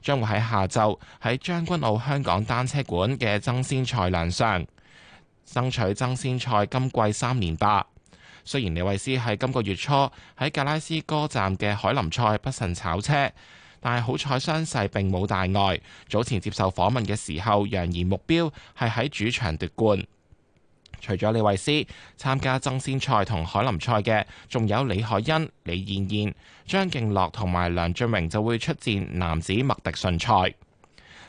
將會喺下晝喺將軍澳香港單車館嘅爭先賽亮相，爭取爭先賽今季三連霸。雖然李慧詩喺今個月初喺格拉斯哥站嘅海林賽不慎炒車，但係好彩傷勢並冇大礙。早前接受訪問嘅時候，揚言目標係喺主場奪冠。除咗李慧思參加爭先賽同海林賽嘅，仲有李海恩、李燕燕、張敬樂同埋梁俊明，就會出戰男子麥迪遜賽。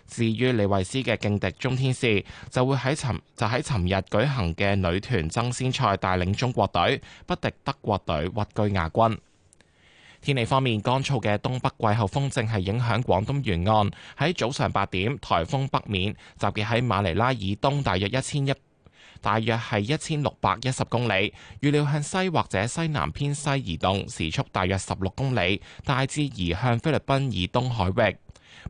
至於李慧思嘅勁敵鍾天使就會喺尋就喺尋日舉行嘅女團爭先賽帶領中國隊不敵德國隊，屈居亞軍。天氣方面，乾燥嘅東北季候風正係影響廣東沿岸。喺早上八點，台風北面集結喺馬尼拉以東大約一千一。大約係一千六百一十公里，預料向西或者西南偏西移動，時速大約十六公里，大致移向菲律賓以東海域。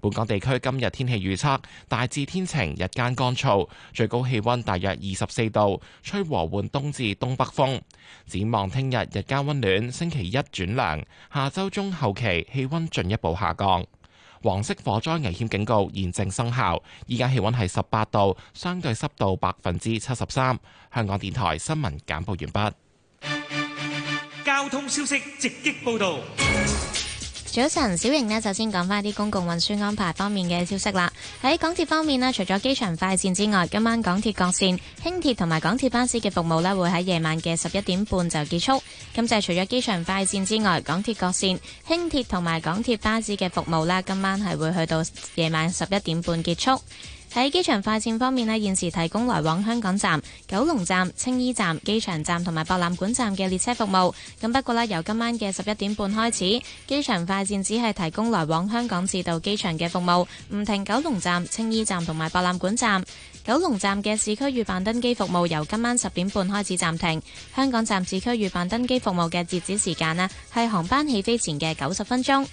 本港地區今日天氣預測大致天晴，日間乾燥，最高氣溫大約二十四度，吹和緩東至東北風。展望聽日日間溫暖，星期一轉涼，下週中後期氣溫進一步下降。黃色火災危險警告現正生效。依家氣温係十八度，相對濕度百分之七十三。香港電台新聞簡報完畢。交通消息直擊報道。早晨，小瑩呢就先講翻啲公共運輸安排方面嘅消息啦。喺港鐵方面呢，除咗機場快線之外，今晚港鐵各線、輕鐵同埋港鐵巴士嘅服務呢，會喺夜晚嘅十一點半就結束。咁就係除咗機場快線之外，港鐵各線、輕鐵同埋港鐵巴士嘅服務呢，今晚係會去到夜晚十一點半結束。喺機場快線方面呢，現時提供來往香港站、九龍站、青衣站、機場站同埋博覽館站嘅列車服務。咁不過呢，由今晚嘅十一點半開始，機場快線只係提供來往香港至到機場嘅服務，唔停九龍站、青衣站同埋博覽館站。九龍站嘅市區預辦登機服務由今晚十點半開始暫停。香港站市區預辦登機服務嘅截止時間啊，係航班起飛前嘅九十分鐘。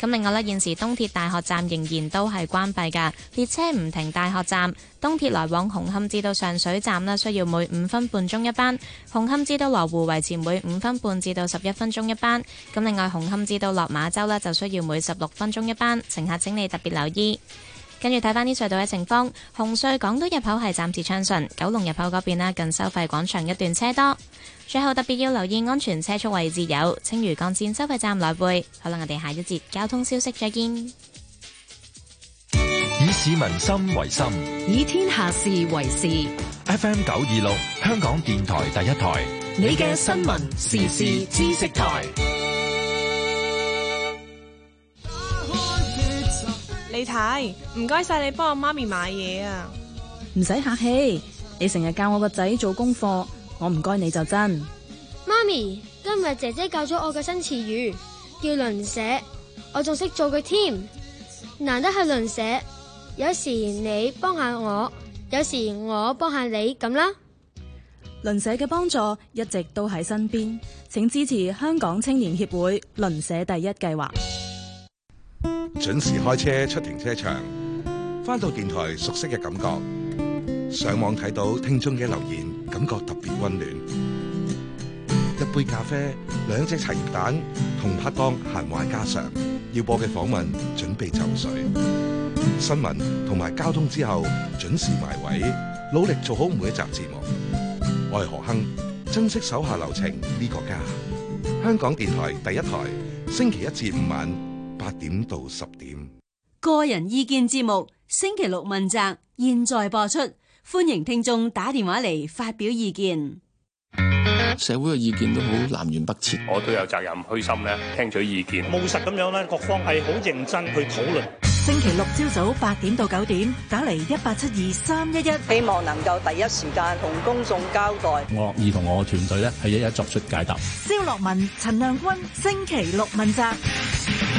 咁另外呢，現時東鐵大學站仍然都係關閉嘅，列車唔停大學站。東鐵來往紅磡至到上水站咧，需要每五分半鐘一班；紅磡至到羅湖維持每五分半至到十一分鐘一班。咁另外紅磡至到落馬洲咧，就需要每十六分鐘一班。乘客請你特別留意。跟住睇返啲隧道嘅情況，紅隧港島入口係暫時暢順，九龍入口嗰邊啦，近收費廣場一段車多。最後特別要留意安全車速位置有青嶼幹線收費站內貝。好啦，我哋下一節交通消息再見。以市民心為心，以天下事為事。FM 九二六，香港電台第一台，你嘅新聞時事知識台。你睇，唔該晒你幫我媽咪買嘢啊！唔使客氣，你成日教我個仔做功課，我唔該你就真。媽咪，今日姐姐教咗我嘅新詞語叫鄰舍。我仲識做佢添。難得係鄰舍。有時你幫下我，有時我幫下你咁啦。鄰舍嘅幫助一直都喺身邊，請支持香港青年協會鄰舍第一計劃。準時開車出停車場，返到電台熟悉嘅感覺。上網睇到聽眾嘅留言，感覺特別温暖。一杯咖啡，兩隻茶葉蛋同拍檔閒話家常。要播嘅訪問準備就緒，新聞同埋交通之後準時埋位，努力做好每一集節目。我係何亨，珍惜手下留情呢個家。香港電台第一台，星期一至五晚。八點到十點，個人意見節目星期六問責，現在播出，歡迎聽眾打電話嚟發表意見。社會嘅意見都好南轅北轍，我都有責任虛心呢，聽取意見，務實咁樣呢，各方係好認真去討論。星期六朝早八點到九點，打嚟一八七二三一一，希望能夠第一時間同公眾交代。我樂意同我團隊呢，係一一作出解答。蕭洛汶、陳亮均，星期六問責。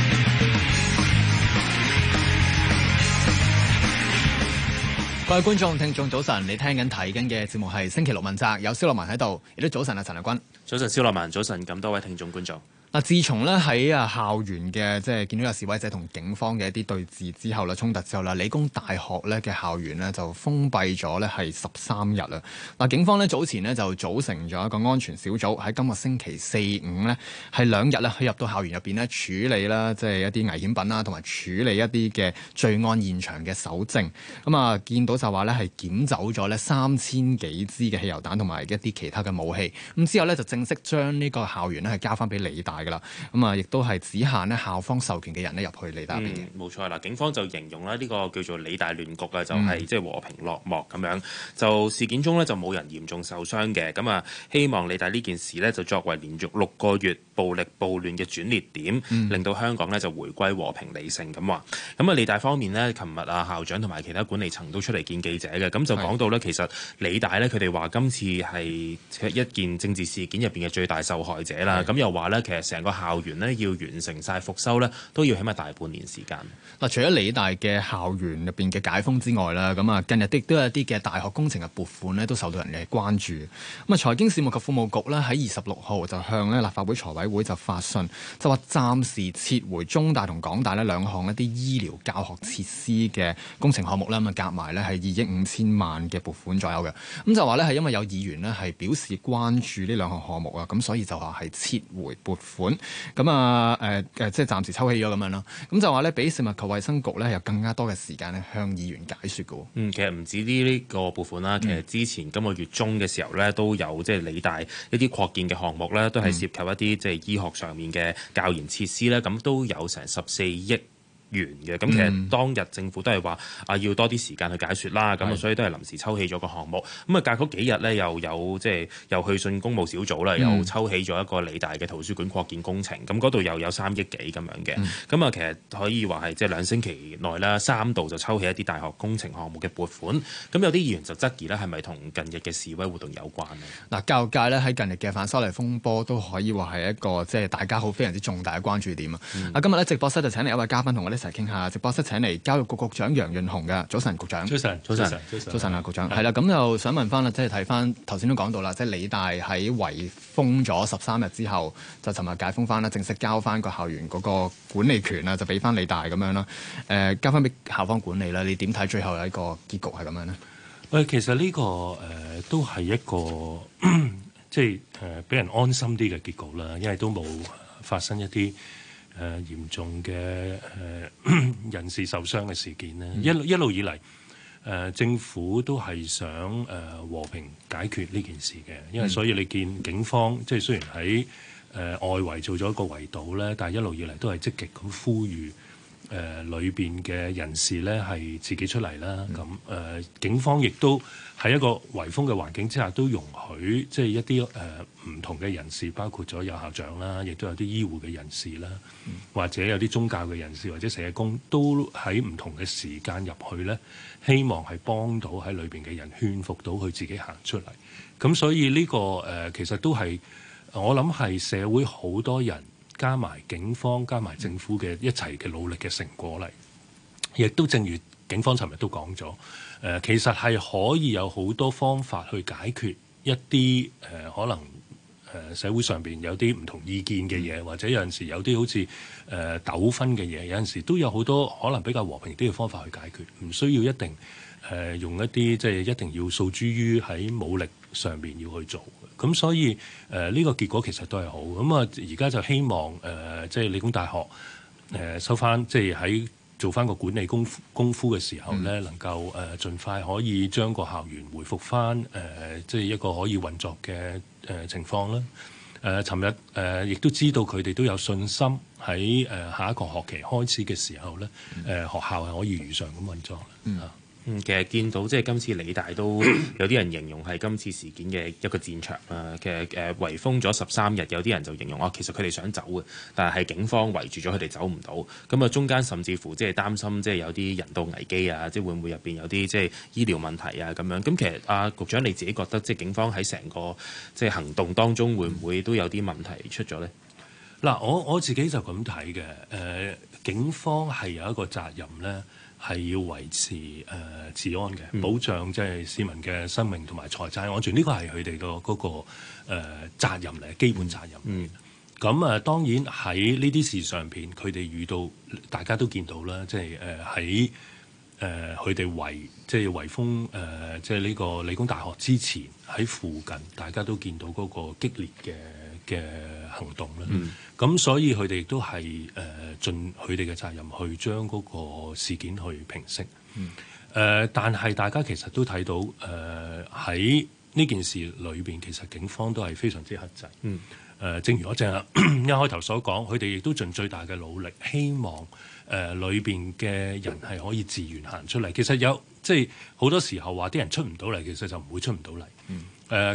各位觀眾、聽眾，早晨！你聽緊睇緊嘅節目係星期六問責，有蕭洛汶喺度，亦都早晨啊，陳亮均。早晨，蕭洛汶，早晨咁多位聽眾觀眾。嗱，自從咧喺啊校園嘅即係見到有示威者同警方嘅一啲對峙之後咧衝突之後啦，理工大學咧嘅校園咧就封閉咗咧係十三日啦。嗱，警方咧早前咧就組成咗一個安全小組，喺今個星期四五咧係兩日咧去入到校園入邊咧處理啦，即係一啲危險品啦，同埋處理一啲嘅罪案現場嘅搜證。咁、嗯、啊，見到就話咧係撿走咗咧三千幾支嘅汽油彈同埋一啲其他嘅武器。咁之後咧就正。正式將呢個校園咧係交翻俾理大噶啦，咁啊，亦都係只限呢校方授權嘅人咧入去理大入邊冇、嗯、錯，嗱，警方就形容咧呢、呢個叫做理大亂局啊，就係即係和平落幕咁樣。嗯、就事件中呢，就冇人嚴重受傷嘅，咁、嗯、啊，希望理大呢件事呢，就作為連續六個月暴力暴亂嘅轉捩點，嗯、令到香港呢就回歸和平理性咁話。咁、嗯、啊，理、嗯、大方面呢，琴日啊校長同埋其他管理層都出嚟見記者嘅，咁就講到呢，是其實理大呢，佢哋話今次係一件政治事件邊嘅最大受害者啦？咁、嗯、又話咧，其實成個校園咧要完成晒復修咧，都要起碼大半年時間。嗱，除咗理大嘅校園入邊嘅解封之外啦，咁啊近日的亦都有一啲嘅大學工程嘅撥款咧，都受到人哋嘅關注。咁啊，財經事務及庫務局咧喺二十六號就向咧立法會財委會就發信，就話暫時撤回中大同港大咧兩項一啲醫療教學設施嘅工程項目啦。咁啊，夾埋咧係二億五千萬嘅撥款左右嘅。咁就話咧係因為有議員咧係表示關注呢兩項。項目啊，咁所以就話係撤回撥款，咁啊誒誒，即係暫時抽起咗咁樣咯。咁就話咧，俾食物及衛生局咧有更加多嘅時間咧，向議員解說嘅。嗯，其實唔止呢呢個撥款啦，其實之前今個月中嘅時候咧，都有即係理大一啲擴建嘅項目咧，都係涉及一啲即係醫學上面嘅教研設施咧，咁都有成十四億。完嘅。咁其實當日政府都係話啊要多啲時間去解説啦，咁啊所以都係臨時抽起咗個項目，咁啊是隔嗰幾日呢，又有即係又去信公務小組啦、嗯、又抽起咗一個理大嘅圖書館擴建工程，咁嗰度又有三億幾，咁樣嘅。咁啊其實可以話係即係兩星期內啦三度就抽起一啲大學工程項目嘅撥款，咁有啲議員就質疑呢係咪同近日嘅示威活動有關、嗯、呢？嗱教育界呢喺近日嘅反修例風波都可以話係一個即係大家好非常之重大嘅關注點啊啊、嗯、今日呢，直播室就請嚟一位嘉賓同我哋。一齊傾下，直播室請嚟教育局局長楊潤雄嘅。早晨，局長。早晨，早晨，早晨，早晨啦，局長。係啦，咁又想問翻啦，即係睇翻頭先都講到啦，即係理大喺圍封咗十三日之後，就尋日解封翻啦，正式交翻個校園嗰個管理權啦，就俾翻理大咁樣啦。誒、呃，交翻俾校方管理啦。你點睇最後有一個結局係咁樣呢？誒，其實呢、這個誒、呃、都係一個即係誒俾人安心啲嘅結局啦，因為都冇發生一啲誒、呃、嚴重嘅誒、呃、人士受傷嘅事件咧、嗯，一一路以嚟，誒、呃、政府都係想誒、呃、和平解決呢件事嘅，因為所以你見警方即係雖然喺誒、呃、外圍做咗一個圍堵咧，但係一路以嚟都係積極咁呼籲。誒、呃、裏邊嘅人士咧，係自己出嚟啦。咁誒、嗯呃，警方亦都喺一個圍封嘅環境之下，都容許即係一啲誒唔同嘅人士，包括咗有校長啦，亦都有啲醫護嘅人士啦，嗯、或者有啲宗教嘅人士，或者社工，都喺唔同嘅時間入去咧，希望係幫到喺裏邊嘅人勸服到佢自己行出嚟。咁所以呢、這個誒、呃，其實都係我諗係社會好多人。加埋警方加埋政府嘅一齊嘅努力嘅成果嚟，亦、嗯、都正如警方尋日都講咗，誒、呃、其實係可以有好多方法去解決一啲誒、呃、可能誒、呃、社會上邊有啲唔同意見嘅嘢，嗯、或者有陣時有啲好似誒糾紛嘅嘢，有陣時都有好多可能比較和平啲嘅方法去解決，唔需要一定誒、呃、用一啲即係一定要訴諸於喺武力上邊要去做。咁所以誒呢、呃呢個結果其實都係好咁啊！而、嗯、家就希望誒、呃、即係理工大學誒、呃、收翻即係喺做翻個管理功夫功夫嘅時候咧，能夠誒盡快可以將個校園回復翻誒即係一個可以運作嘅誒情況啦。誒、呃，尋日誒、呃、亦都知道佢哋都有信心喺誒、呃、下一個學期開始嘅時候咧，誒、呃、學校係可以如常咁運作啦。嗯啊其實見到即係今次理大都有啲人形容係今次事件嘅一個戰場啊，其實誒圍封咗十三日，有啲人就形容哦，其實佢哋想走嘅，但係警方圍住咗佢哋走唔到。咁啊，中間甚至乎即係擔心即係有啲人道危機啊，即係會唔會入邊有啲即係醫療問題啊咁樣。咁其實啊，局長你自己覺得即係警方喺成個即係行動當中會唔會都有啲問題出咗咧？嗱，我我自己就咁睇嘅，誒、呃，警方係有一個責任咧。係要維持誒、呃、治安嘅，保障即係市民嘅生命同埋財產安全，呢、那個係佢哋個嗰個誒責任嚟，基本責任。咁啊、嗯嗯，當然喺呢啲事上面，佢哋遇到大家都見到啦，即係誒喺誒佢哋圍即係圍封誒，即係呢個理工大學之前喺附近，大家都見到嗰個激烈嘅嘅行動啦。嗯咁所以佢哋亦都係誒盡佢哋嘅責任去將嗰個事件去平息。誒、嗯呃，但係大家其實都睇到誒喺呢件事裏邊，其實警方都係非常之克制。誒、嗯呃，正如我正、啊、 一開頭所講，佢哋亦都盡最大嘅努力，希望誒、呃、裏邊嘅人係可以自願行出嚟。其實有即係好多時候話啲人出唔到嚟，其實就唔會出唔到嚟。誒、嗯，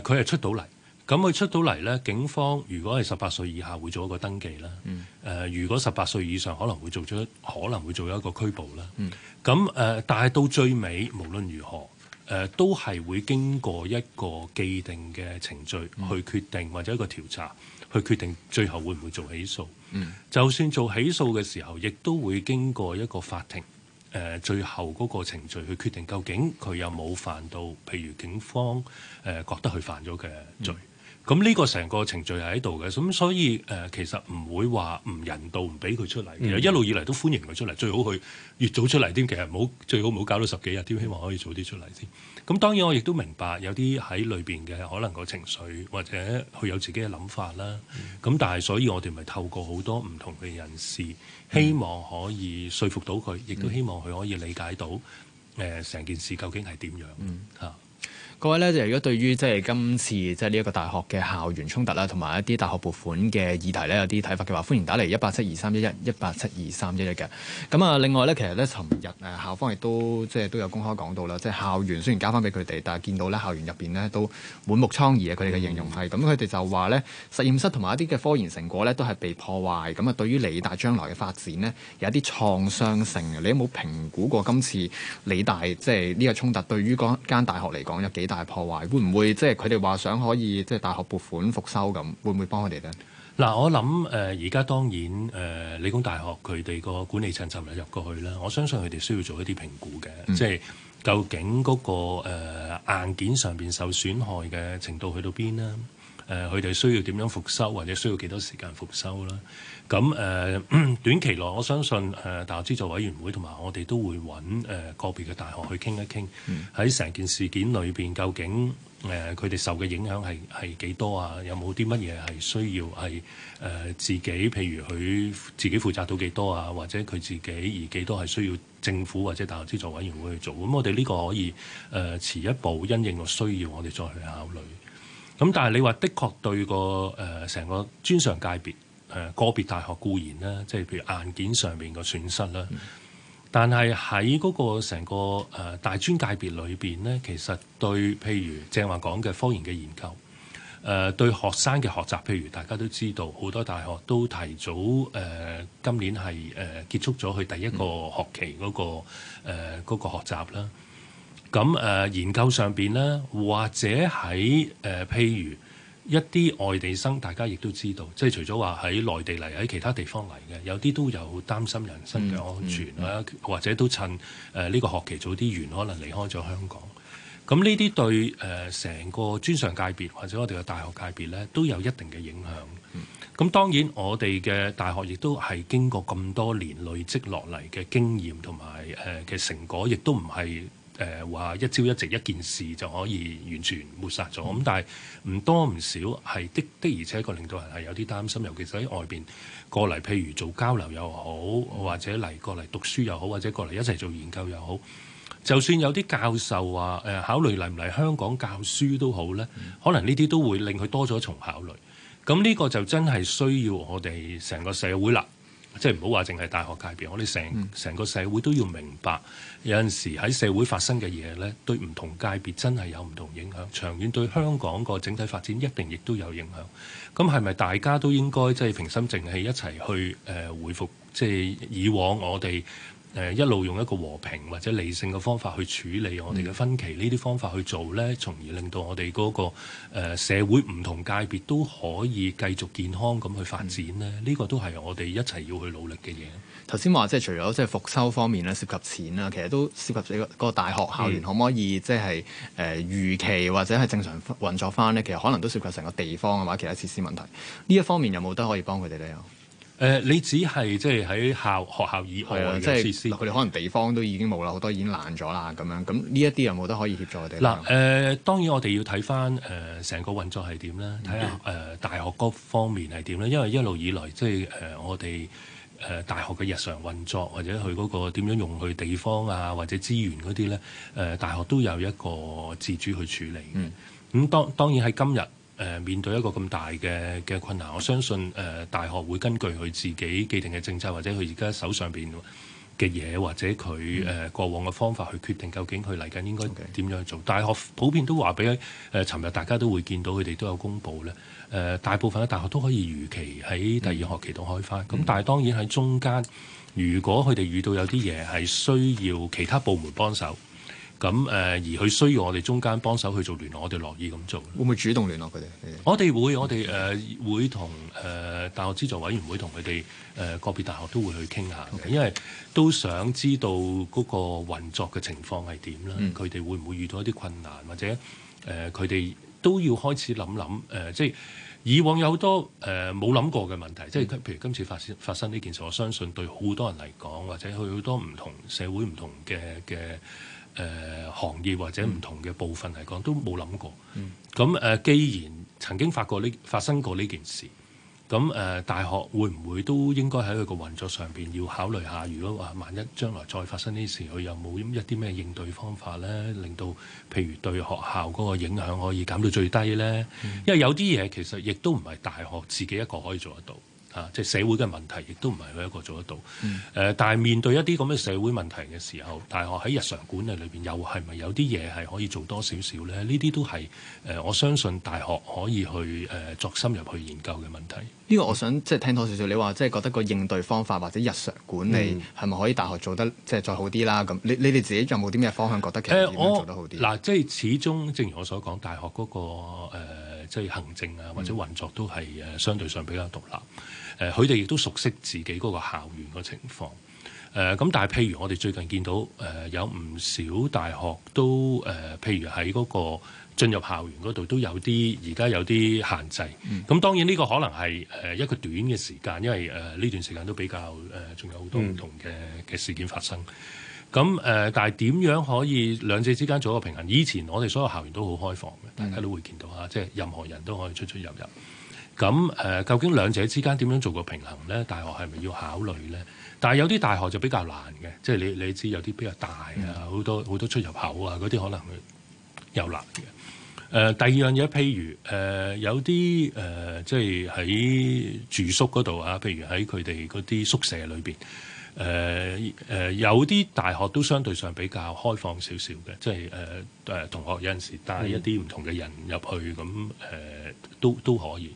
佢係、呃、出到嚟。咁佢出到嚟呢，警方如果係十八歲以下會做一個登記啦。誒、嗯呃，如果十八歲以上可能會做咗，可能會做一個拘捕啦。咁誒、嗯呃，但係到最尾，無論如何誒、呃，都係會經過一個既定嘅程序去決定，嗯、或者一個調查去決定最後會唔會做起訴。嗯、就算做起訴嘅時候，亦都會經過一個法庭誒、呃、最後嗰個程序去決定究竟佢有冇犯到，譬如警方誒、呃、覺得佢犯咗嘅罪。咁呢個成個程序係喺度嘅，咁所以誒、呃、其實唔會話唔人道，唔俾佢出嚟、嗯。其實一路以嚟都歡迎佢出嚟，最好佢越早出嚟啲，其實冇最好唔好搞到十幾日，啲希望可以早啲出嚟先。咁、嗯、當然我亦都明白有啲喺裏邊嘅可能個情緒或者佢有自己嘅諗法啦。咁、嗯、但係所以我哋咪透過好多唔同嘅人士，希望可以說服到佢，亦、嗯、都希望佢可以理解到誒成、呃、件事究竟係點樣嚇。嗯嗯。各位咧，就如果對於即係今次即係呢一個大學嘅校園衝突啦，同埋一啲大學撥款嘅議題咧，有啲睇法嘅話，歡迎打嚟一八七二三一一一八七二三一一嘅。咁啊，另外咧，其實咧，尋日誒校方亦都即係都有公開講到啦，即係校園雖然交翻俾佢哋，但係見到咧校園入邊咧都滿目瘡痍啊，佢哋嘅形容係咁，佢哋就話咧實驗室同埋一啲嘅科研成果咧都係被破壞，咁啊對於理大將來嘅發展呢，有一啲創傷性嘅，你有冇評估過今次理大即係呢個衝突對於嗰間大學嚟講有幾大？大破壞會唔會即係佢哋話想可以即係、就是、大學撥款復修咁，會唔會幫佢哋咧？嗱，我諗誒，而、呃、家當然誒、呃，理工大學佢哋個管理層就唔係入過去啦。我相信佢哋需要做一啲評估嘅，嗯、即係究竟嗰、那個、呃、硬件上邊受損害嘅程度去到邊啦？誒、呃，佢哋需要點樣復修，或者需要幾多時間復修啦？咁誒、呃、短期內我相信誒、呃、大學資助委員會同埋我哋都會揾誒個別嘅大學去傾一傾，喺成、嗯、件事件裏邊究竟誒佢哋受嘅影響係係幾多啊？有冇啲乜嘢係需要係誒、呃、自己，譬如佢自己負責到幾多啊？或者佢自己而幾多係需要政府或者大學資助委員會去做？咁我哋呢個可以誒遲、呃、一步，因應個需要，我哋再去考慮，咁但係你話的確對個誒成、呃、個專上界別。誒個別大學固然啦，即係譬如硬件上面嘅損失啦，嗯、但係喺嗰個成個誒、呃、大專界別裏邊咧，其實對譬如正話講嘅科研嘅研究，誒、呃、對學生嘅學習，譬如大家都知道，好多大學都提早誒、呃、今年係誒、呃、結束咗佢第一個學期嗰、那個誒嗰、呃、那個學習啦。咁、呃、誒研究上邊咧，或者喺誒、呃、譬如。一啲外地生，大家亦都知道，即係除咗話喺內地嚟，喺其他地方嚟嘅，有啲都有擔心人身嘅安全啊，嗯嗯嗯、或者都趁誒呢、呃這個學期早啲完，可能離開咗香港。咁呢啲對誒成、呃、個專上界別或者我哋嘅大學界別咧，都有一定嘅影響，咁、嗯、當然我哋嘅大學亦都係經過咁多年累積落嚟嘅經驗同埋誒嘅成果，亦都唔係。誒話一朝一夕一件事就可以完全抹殺咗咁，嗯、但係唔多唔少係的的，的而且確令到人係有啲擔心，尤其是喺外邊過嚟，譬如做交流又好，嗯、或者嚟過嚟讀書又好，或者過嚟一齊做研究又好，就算有啲教授話誒、呃、考慮嚟唔嚟香港教書都好咧，嗯、可能呢啲都會令佢多咗一重考慮。咁呢個就真係需要我哋成個社會啦。即係唔好話淨係大學界別，我哋成成個社會都要明白，有陣時喺社會發生嘅嘢呢，對唔同界別真係有唔同影響，長遠對香港個整體發展一定亦都有影響。咁係咪大家都應該即係、就是、平心靜氣一齊去誒、呃、回復，即、就、係、是、以往我哋，誒一路用一個和平或者理性嘅方法去處理我哋嘅分歧，呢啲、嗯、方法去做呢，從而令到我哋嗰、那個、呃、社會唔同界別都可以繼續健康咁去發展呢，呢、嗯、個都係我哋一齊要去努力嘅嘢。頭先話即係除咗即係復修方面呢，涉及錢啦，其實都涉及個個大學校園、嗯、可唔可以即係誒預期或者係正常運作翻呢？其實可能都涉及成個地方啊，或者其他設施問題。呢一方面有冇得可以幫佢哋呢？誒、呃，你只係即係喺校學校以外嘅設施，佢哋可能地方都已經冇啦，好多已經爛咗啦，咁樣咁呢一啲，有冇得可以協助我哋？嗱誒，當然我哋要睇翻誒成個運作係點啦，睇下誒大學嗰方面係點咧，因為一路以來即係誒、呃、我哋誒、呃、大學嘅日常運作或者佢嗰個點樣用去地方啊或者資源嗰啲咧，誒、呃、大學都有一個自主去處理嘅。咁當、嗯嗯、當然係今日。呃、面對一個咁大嘅嘅困難，我相信誒、呃、大學會根據佢自己既定嘅政策，或者佢而家手上邊嘅嘢，或者佢誒、嗯呃、過往嘅方法去決定究竟佢嚟緊應該點樣做。Okay. 大學普遍都話俾誒，呃、尋日大家都會見到佢哋都有公佈咧。誒、呃、大部分嘅大學都可以如期喺第二學期度開翻。咁、嗯、但係當然喺中間，如果佢哋遇到有啲嘢係需要其他部門幫手。咁誒、呃，而佢需要我哋中間幫手去做聯絡，我哋樂意咁做。會唔會主動聯絡佢哋？我哋會，嗯、我哋誒、呃、會同誒、呃、大學資助委員會同佢哋誒個別大學都會去傾下嘅，Okay. 因為都想知道嗰個運作嘅情況係點啦。佢哋、嗯、會唔會遇到一啲困難，或者誒佢哋都要開始諗諗誒，即係以往有好多誒冇諗過嘅問題，即係、嗯、譬如今次發生發生呢件事，我相信對好多人嚟講，或者去好多唔同社會唔同嘅嘅。誒、呃、行業或者唔同嘅部分嚟講，嗯、都冇諗過。咁誒、嗯呃，既然曾經發過呢發生過呢件事，咁誒、呃、大學會唔會都應該喺佢個運作上邊要考慮下？如果話萬一將來再發生呢事，佢有冇一啲咩應對方法咧？令到譬如對學校嗰個影響可以減到最低咧？嗯、因為有啲嘢其實亦都唔係大學自己一個可以做得到。啊！即係社會嘅問題，亦都唔係佢一個做得到。誒、嗯呃，但係面對一啲咁嘅社會問題嘅時候，大學喺日常管理裏邊，又係咪有啲嘢係可以做多少少咧？呢啲都係誒、呃，我相信大學可以去誒、呃、作深入去研究嘅問題。呢個我想即係聽多少少，你話即係覺得個應對方法或者日常管理係咪可以大學做得即係再好啲啦？咁、嗯、你你哋自己有冇啲咩方向覺得其實點樣做得好啲？嗱、呃呃，即係始終，正如我所講，大學嗰、嗰個、呃、即係行政啊或者運作都係誒相對上比較獨立。嗯佢哋亦都熟悉自己嗰個校園個情況誒，咁但係譬如我哋最近見到誒、呃、有唔少大學都誒、呃、譬如喺嗰個進入校園嗰度都有啲，而家有啲限制。咁、嗯、當然呢個可能係誒一個短嘅時間，因為誒呢、呃、段時間都比較誒仲、呃、有好多唔同嘅嘅事件發生。咁誒、嗯呃，但係點樣可以兩者之間做一個平衡？以前我哋所有校園都好開放嘅，嗯、大家都會見到啊，即係任何人都可以出出入入。咁誒、呃，究竟兩者之間點樣做個平衡咧？大學係咪要考慮咧？但係有啲大學就比較難嘅，即係你你知有啲比較大啊，好多好多出入口啊，嗰啲可能有難嘅。誒、呃，第二樣嘢，譬如誒、呃，有啲誒、呃，即係喺住宿嗰度啊，譬如喺佢哋嗰啲宿舍裏邊，誒、呃、誒、呃，有啲大學都相對上比較開放少少嘅，即係誒誒，同學有陣時帶一啲唔同嘅人入去，咁誒、嗯呃、都都、都可以。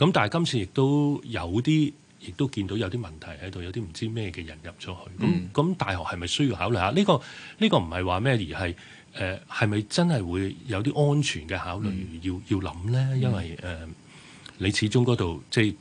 咁但係今次亦都有啲，亦都見到有啲問題喺度，有啲唔知咩嘅人入咗去。咁咁、嗯、大學係咪需要考慮下呢、呢個呢、呢個唔係話咩而係誒係咪真係會有啲安全嘅考慮要、嗯、要諗咧？因為誒、呃、你始終嗰度即係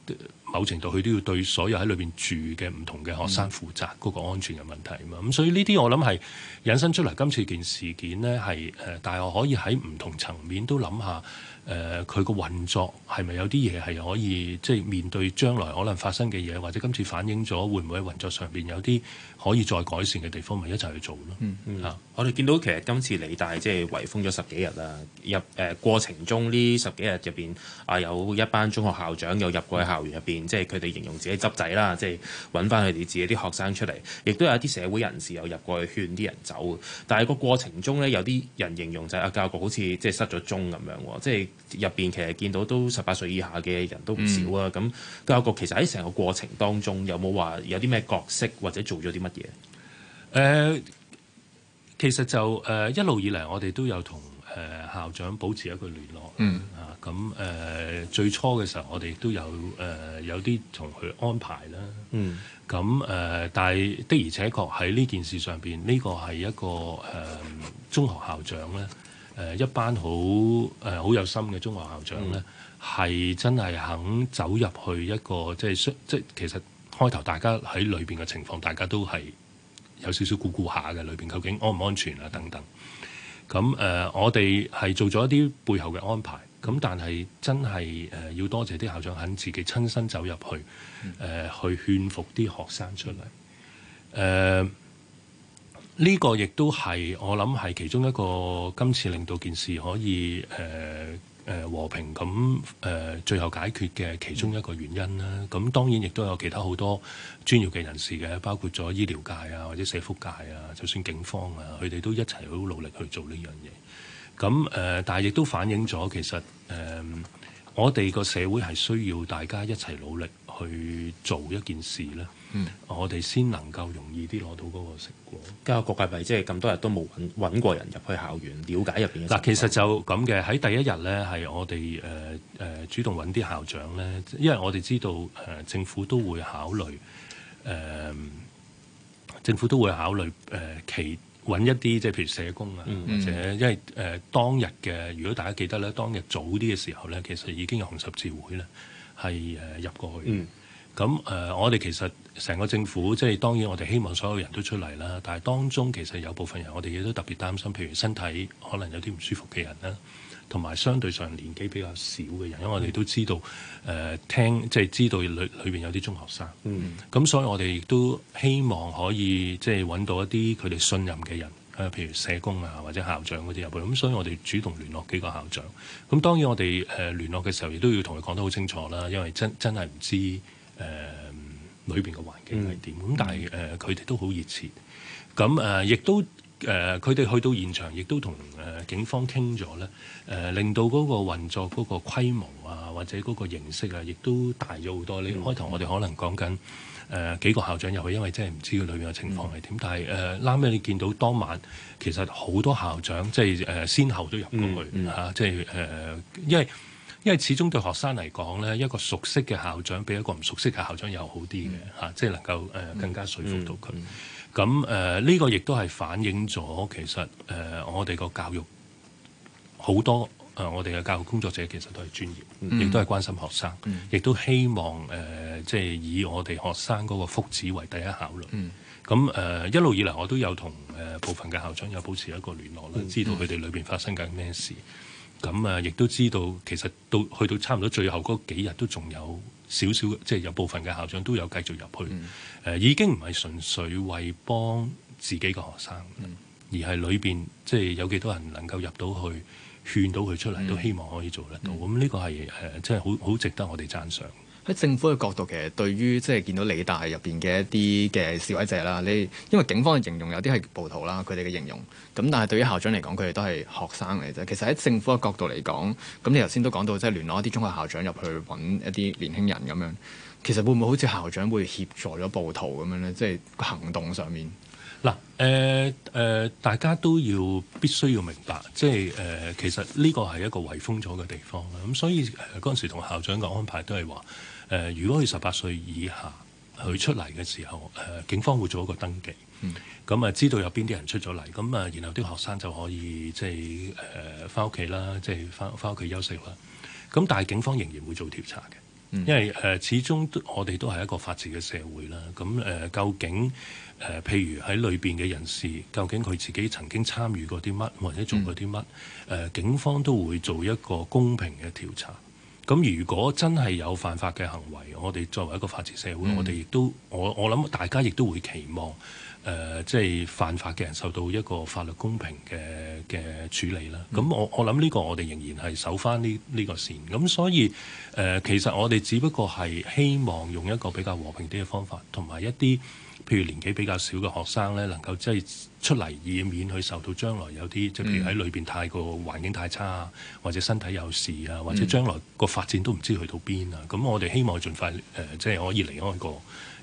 某程度佢都要對所有喺裏邊住嘅唔同嘅學生負責嗰個安全嘅問題啊嘛。咁、嗯、所以呢啲我諗係引申出嚟今次件事件咧係誒大學可以喺唔同層面都諗下。誒佢個運作係咪有啲嘢係可以即係面對將來可能發生嘅嘢，或者今次反映咗會唔會喺運作上邊有啲可以再改善嘅地方，咪一齊去做咯？嗯嗯、啊，我哋見到其實今次理大即係圍封咗十幾日啦，日啊、入誒過，過，過程中呢十幾日入邊啊，有一班中學校長又入過去校園入邊，即係佢哋形容自己執仔啦，即係揾翻佢哋自己啲學生出嚟，亦都有一啲社會人士又入過去勸啲人走。但係個過程中咧，有啲人形容就係阿教局好似即係失咗蹤咁樣，即係。入邊其實見到都十八歲以下嘅人都唔少啊，咁教育局其實喺成個過程當中，有冇話有啲咩角色或者做咗啲乜嘢？誒、呃，其實就誒、呃、一路以嚟，我哋都有同誒、呃、校長保持一個聯絡，嗯啊，咁、呃、誒最初嘅時候，我哋都有誒、呃、有啲同佢安排啦，嗯、啊，咁、呃、誒，但係的而且確喺呢件事上邊，呢、這個係一個誒、呃、中學校長咧。誒、呃、一班好誒好有心嘅中學校長咧，係、嗯、真係肯走入去一個即係即係其實開頭大家喺裏邊嘅情況，大家都係有少少估估下嘅裏邊，裏面究竟安唔安全啊等等。咁、嗯、誒、呃，我哋係做咗一啲背後嘅安排，咁、嗯、但係真係誒、呃、要多謝啲校長肯自己親身走入去誒、嗯呃、去勸服啲學生出嚟。誒、呃。呢個亦都係我諗係其中一個今次令到件事可以誒誒、呃呃、和平咁誒、呃、最後解決嘅其中一個原因啦。咁、嗯、當然亦都有其他好多專業嘅人士嘅，包括咗醫療界啊，或者社福界啊，就算警方啊，佢哋都一齊好努力去做呢樣嘢。咁誒、呃，但係亦都反映咗其實誒、呃，我哋個社會係需要大家一齊努力。去做一件事咧，嗯、我哋先能夠容易啲攞到嗰個成果。家下教育局即係咁多日都冇揾揾過人入去校園了解入邊嗱，其實就咁嘅。喺第一日咧，係我哋誒誒主動揾啲校長咧，因為我哋知道誒、呃、政府都會考慮誒、呃、政府都會考慮誒、呃、其揾一啲即係譬如社工啊，嗯、或者因為誒、呃、當日嘅，如果大家記得咧，當日早啲嘅時候咧，其實已經有紅十字會咧。係誒、呃、入過去，咁誒、嗯呃、我哋其實成個政府，即係當然我哋希望所有人都出嚟啦。但係當中其實有部分人，我哋亦都特別擔心，譬如身體可能有啲唔舒服嘅人啦，同埋相對上年紀比較少嘅人，因為我哋都知道誒、嗯呃、聽即係知道裏裏邊有啲中學生，咁、嗯、所以我哋亦都希望可以即係揾到一啲佢哋信任嘅人。譬如社工啊，或者校長嗰啲入去，咁所以我哋主動聯絡幾個校長，咁當然我哋誒、呃、聯絡嘅時候，亦都要同佢講得好清楚啦，因為真真係唔知誒、呃、裏邊嘅環境係點，咁、嗯、但係誒佢哋都好熱切。咁誒亦都誒佢哋去到現場亦都同誒、呃、警方傾咗咧。誒、呃、令到嗰個運作嗰個規模啊，或者嗰個形式啊，亦都大咗好多。你開頭我哋可能講緊。誒、呃、幾個校長入去，因為真係唔知佢裏面嘅情況係點。嗯、但係誒，啱、呃、啱你見到當晚，其實好多校長即係誒、呃，先後都入過去嚇、嗯嗯啊。即係誒、呃，因為因為始終對學生嚟講咧，一個熟悉嘅校長比一個唔熟悉嘅校長又好啲嘅嚇。即係能夠誒、呃、更加說服到佢。咁誒呢個亦都係反映咗其實誒、呃呃、我哋個教育好多。我哋嘅教育工作者其實都係專業，嗯、亦都係關心學生，嗯、亦都希望誒、呃，即係以我哋學生嗰個福祉為第一考慮。咁誒、嗯呃、一路以嚟，我都有同誒、呃、部分嘅校長有保持一個聯絡啦，知道佢哋裏邊發生緊咩事。咁誒、嗯，亦、嗯、都知道其實到去到差唔多最後嗰幾日，都仲有少少，即係有部分嘅校長都有繼續入去。誒、嗯呃，已經唔係純粹為幫自己嘅學生，而係裏邊即係有幾多人能夠入到去。勸到佢出嚟，都希望可以做得到。咁呢、嗯、個係誒，即係好好值得我哋讚賞。喺政府嘅角度，其實對於即係見到理大入邊嘅一啲嘅示威者啦，你因為警方嘅形容有啲係暴徒啦，佢哋嘅形容。咁但係對於校長嚟講，佢哋都係學生嚟啫。其實喺政府嘅角度嚟講，咁你頭先都講到即係聯絡一啲中學校長入去揾一啲年輕人咁樣，其實會唔會好似校長會協助咗暴徒咁樣咧？即係行動上面。嗱，誒誒、呃呃，大家都要必須要明白，即係誒、呃，其實呢個係一個圍封咗嘅地方咁，所以誒嗰陣時同校長嘅安排都係話，誒、呃，如果佢十八歲以下佢出嚟嘅時候，誒、呃、警方會做一個登記，咁啊、嗯嗯、知道有邊啲人出咗嚟咁啊，然後啲學生就可以即係誒翻屋企啦，即係翻翻屋企休息啦。咁但係警方仍然會做調查嘅。因為誒、呃、始終我哋都係一個法治嘅社會啦，咁、啊、誒究竟誒、呃、譬如喺裏邊嘅人士，究竟佢自己曾經參與過啲乜，或者做過啲乜？誒、嗯呃、警方都會做一個公平嘅調查。咁、啊、如果真係有犯法嘅行為，我哋作為一個法治社會，嗯、我哋亦都我我諗大家亦都會期望。誒、呃，即係犯法嘅人受到一個法律公平嘅嘅處理啦。咁、嗯、我我諗呢個我哋仍然係守翻呢呢個線。咁所以誒、呃，其實我哋只不過係希望用一個比較和平啲嘅方法，同埋一啲譬如年紀比較小嘅學生咧，能夠即係出嚟，以免佢受到將來有啲即係譬如喺裏邊太過環境太差，或者身體有事啊，或者將來個發展都唔知去到邊啊。咁、嗯、我哋希望盡快誒、呃，即係可以離開個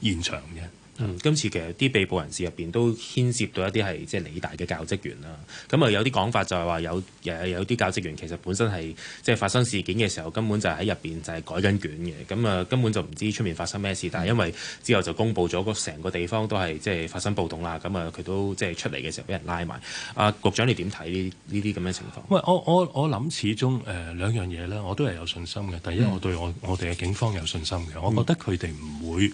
現場嘅。嗯、今次其實啲被捕人士入邊都牽涉到一啲係即係理大嘅教職員啦。咁啊有啲講法就係話有誒有啲教職員其實本身係即係發生事件嘅時候根本就喺入邊就係改緊卷嘅。咁啊根本就唔知出面發生咩事。但係因為之後就公佈咗嗰成個地方都係即係發生暴動啦。咁啊佢都即係、就係、出嚟嘅時候俾人拉埋。阿、啊、局長你點睇呢呢啲咁嘅情況？喂，我我我諗始終誒、呃、兩樣嘢咧，我都係有信心嘅。第一、嗯、我對我我哋嘅警方有信心嘅，我覺得佢哋唔會誒、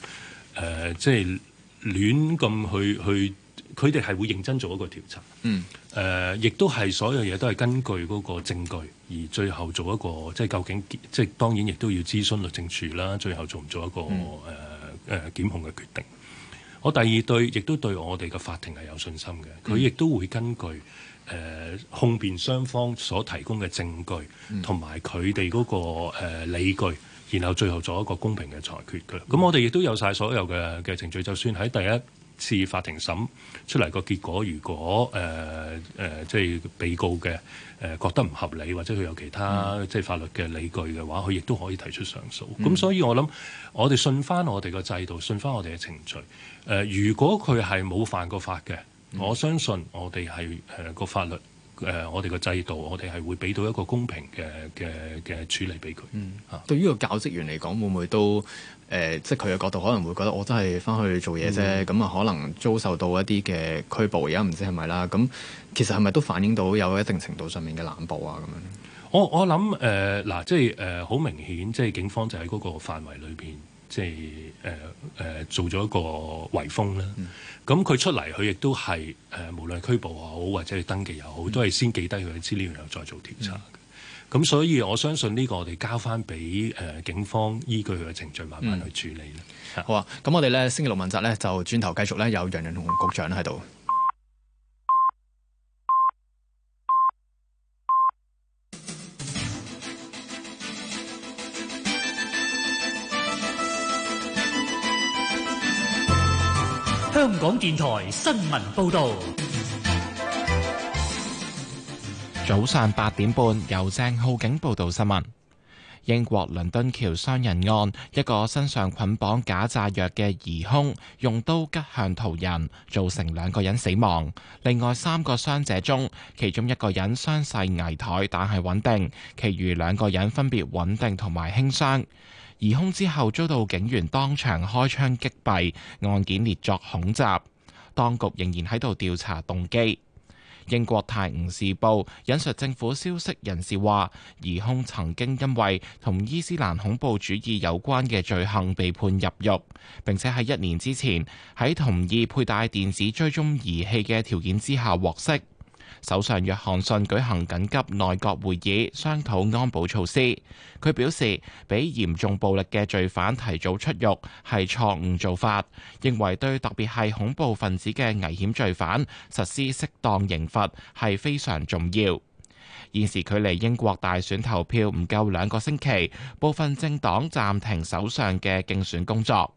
呃、即係。亂咁去去，佢哋係會認真做一個調查。嗯，誒、呃，亦都係所有嘢都係根據嗰個證據，而最後做一個即係究竟，即係當然亦都要諮詢律政處啦。最後做唔做一個誒誒、嗯呃、檢控嘅決定？我第二對，亦都對我哋嘅法庭係有信心嘅。佢亦都會根據誒、呃、控辯雙方所提供嘅證據，同埋佢哋嗰個、呃、理據。然後最後做一個公平嘅裁決嘅，咁我哋亦都有晒所有嘅嘅程序。就算喺第一次法庭審出嚟個結果，如果誒誒、呃呃、即係被告嘅誒、呃、覺得唔合理，或者佢有其他即係法律嘅理據嘅話，佢亦都可以提出上訴。咁、嗯、所以我諗，我哋信返我哋個制度，信返我哋嘅程序。誒、呃，如果佢係冇犯過法嘅，嗯、我相信我哋係誒個法律。誒、呃，我哋個制度，我哋係會俾到一個公平嘅嘅嘅處理俾佢。嗯，嚇、啊，對於個教職員嚟講，會唔會都誒、呃，即係佢嘅角度，可能會覺得我真係翻去做嘢啫，咁啊、嗯，可能遭受到一啲嘅拘捕，而家唔知係咪啦。咁其實係咪都反映到有一定程度上面嘅濫暴啊？咁樣，我我諗誒嗱，即係誒好明顯，即係警方就喺嗰個範圍裏邊。即係誒誒做咗一個圍封啦，咁佢、嗯、出嚟佢亦都係誒、呃、無論拘捕又好或者係登記又好，都係先記低佢嘅資料，然後再做調查嘅。咁、嗯、所以我相信呢個我哋交翻俾誒警方依據佢嘅程序慢慢去處理啦、嗯。好啊，咁我哋咧星期六問責咧就轉頭繼續咧有楊潤雄局長喺度。香港電台新聞報道，早上八點半，由鄭浩景報道新聞。英國倫敦橋傷人案，一個身上捆綁假炸藥嘅疑凶，用刀吉向途人，造成兩個人死亡。另外三個傷者中，其中一個人傷勢危殆，但係穩定；其餘兩個人分別穩定同埋輕傷。疑兇之後遭到警員當場開槍擊斃，案件列作恐襲。當局仍然喺度調查動機。英國《泰晤士報》引述政府消息人士話，疑兇曾經因為同伊斯蘭恐怖主義有關嘅罪行被判入獄，並且喺一年之前喺同意佩戴電子追蹤儀器嘅條件之下獲釋。首相約翰遜舉行緊急內閣會議，商討安保措施。佢表示，俾嚴重暴力嘅罪犯提早出獄係錯誤做法，認為對特別係恐怖分子嘅危險罪犯實施適當刑罰係非常重要。現時距離英國大選投票唔夠兩個星期，部分政黨暫停首相嘅競選工作。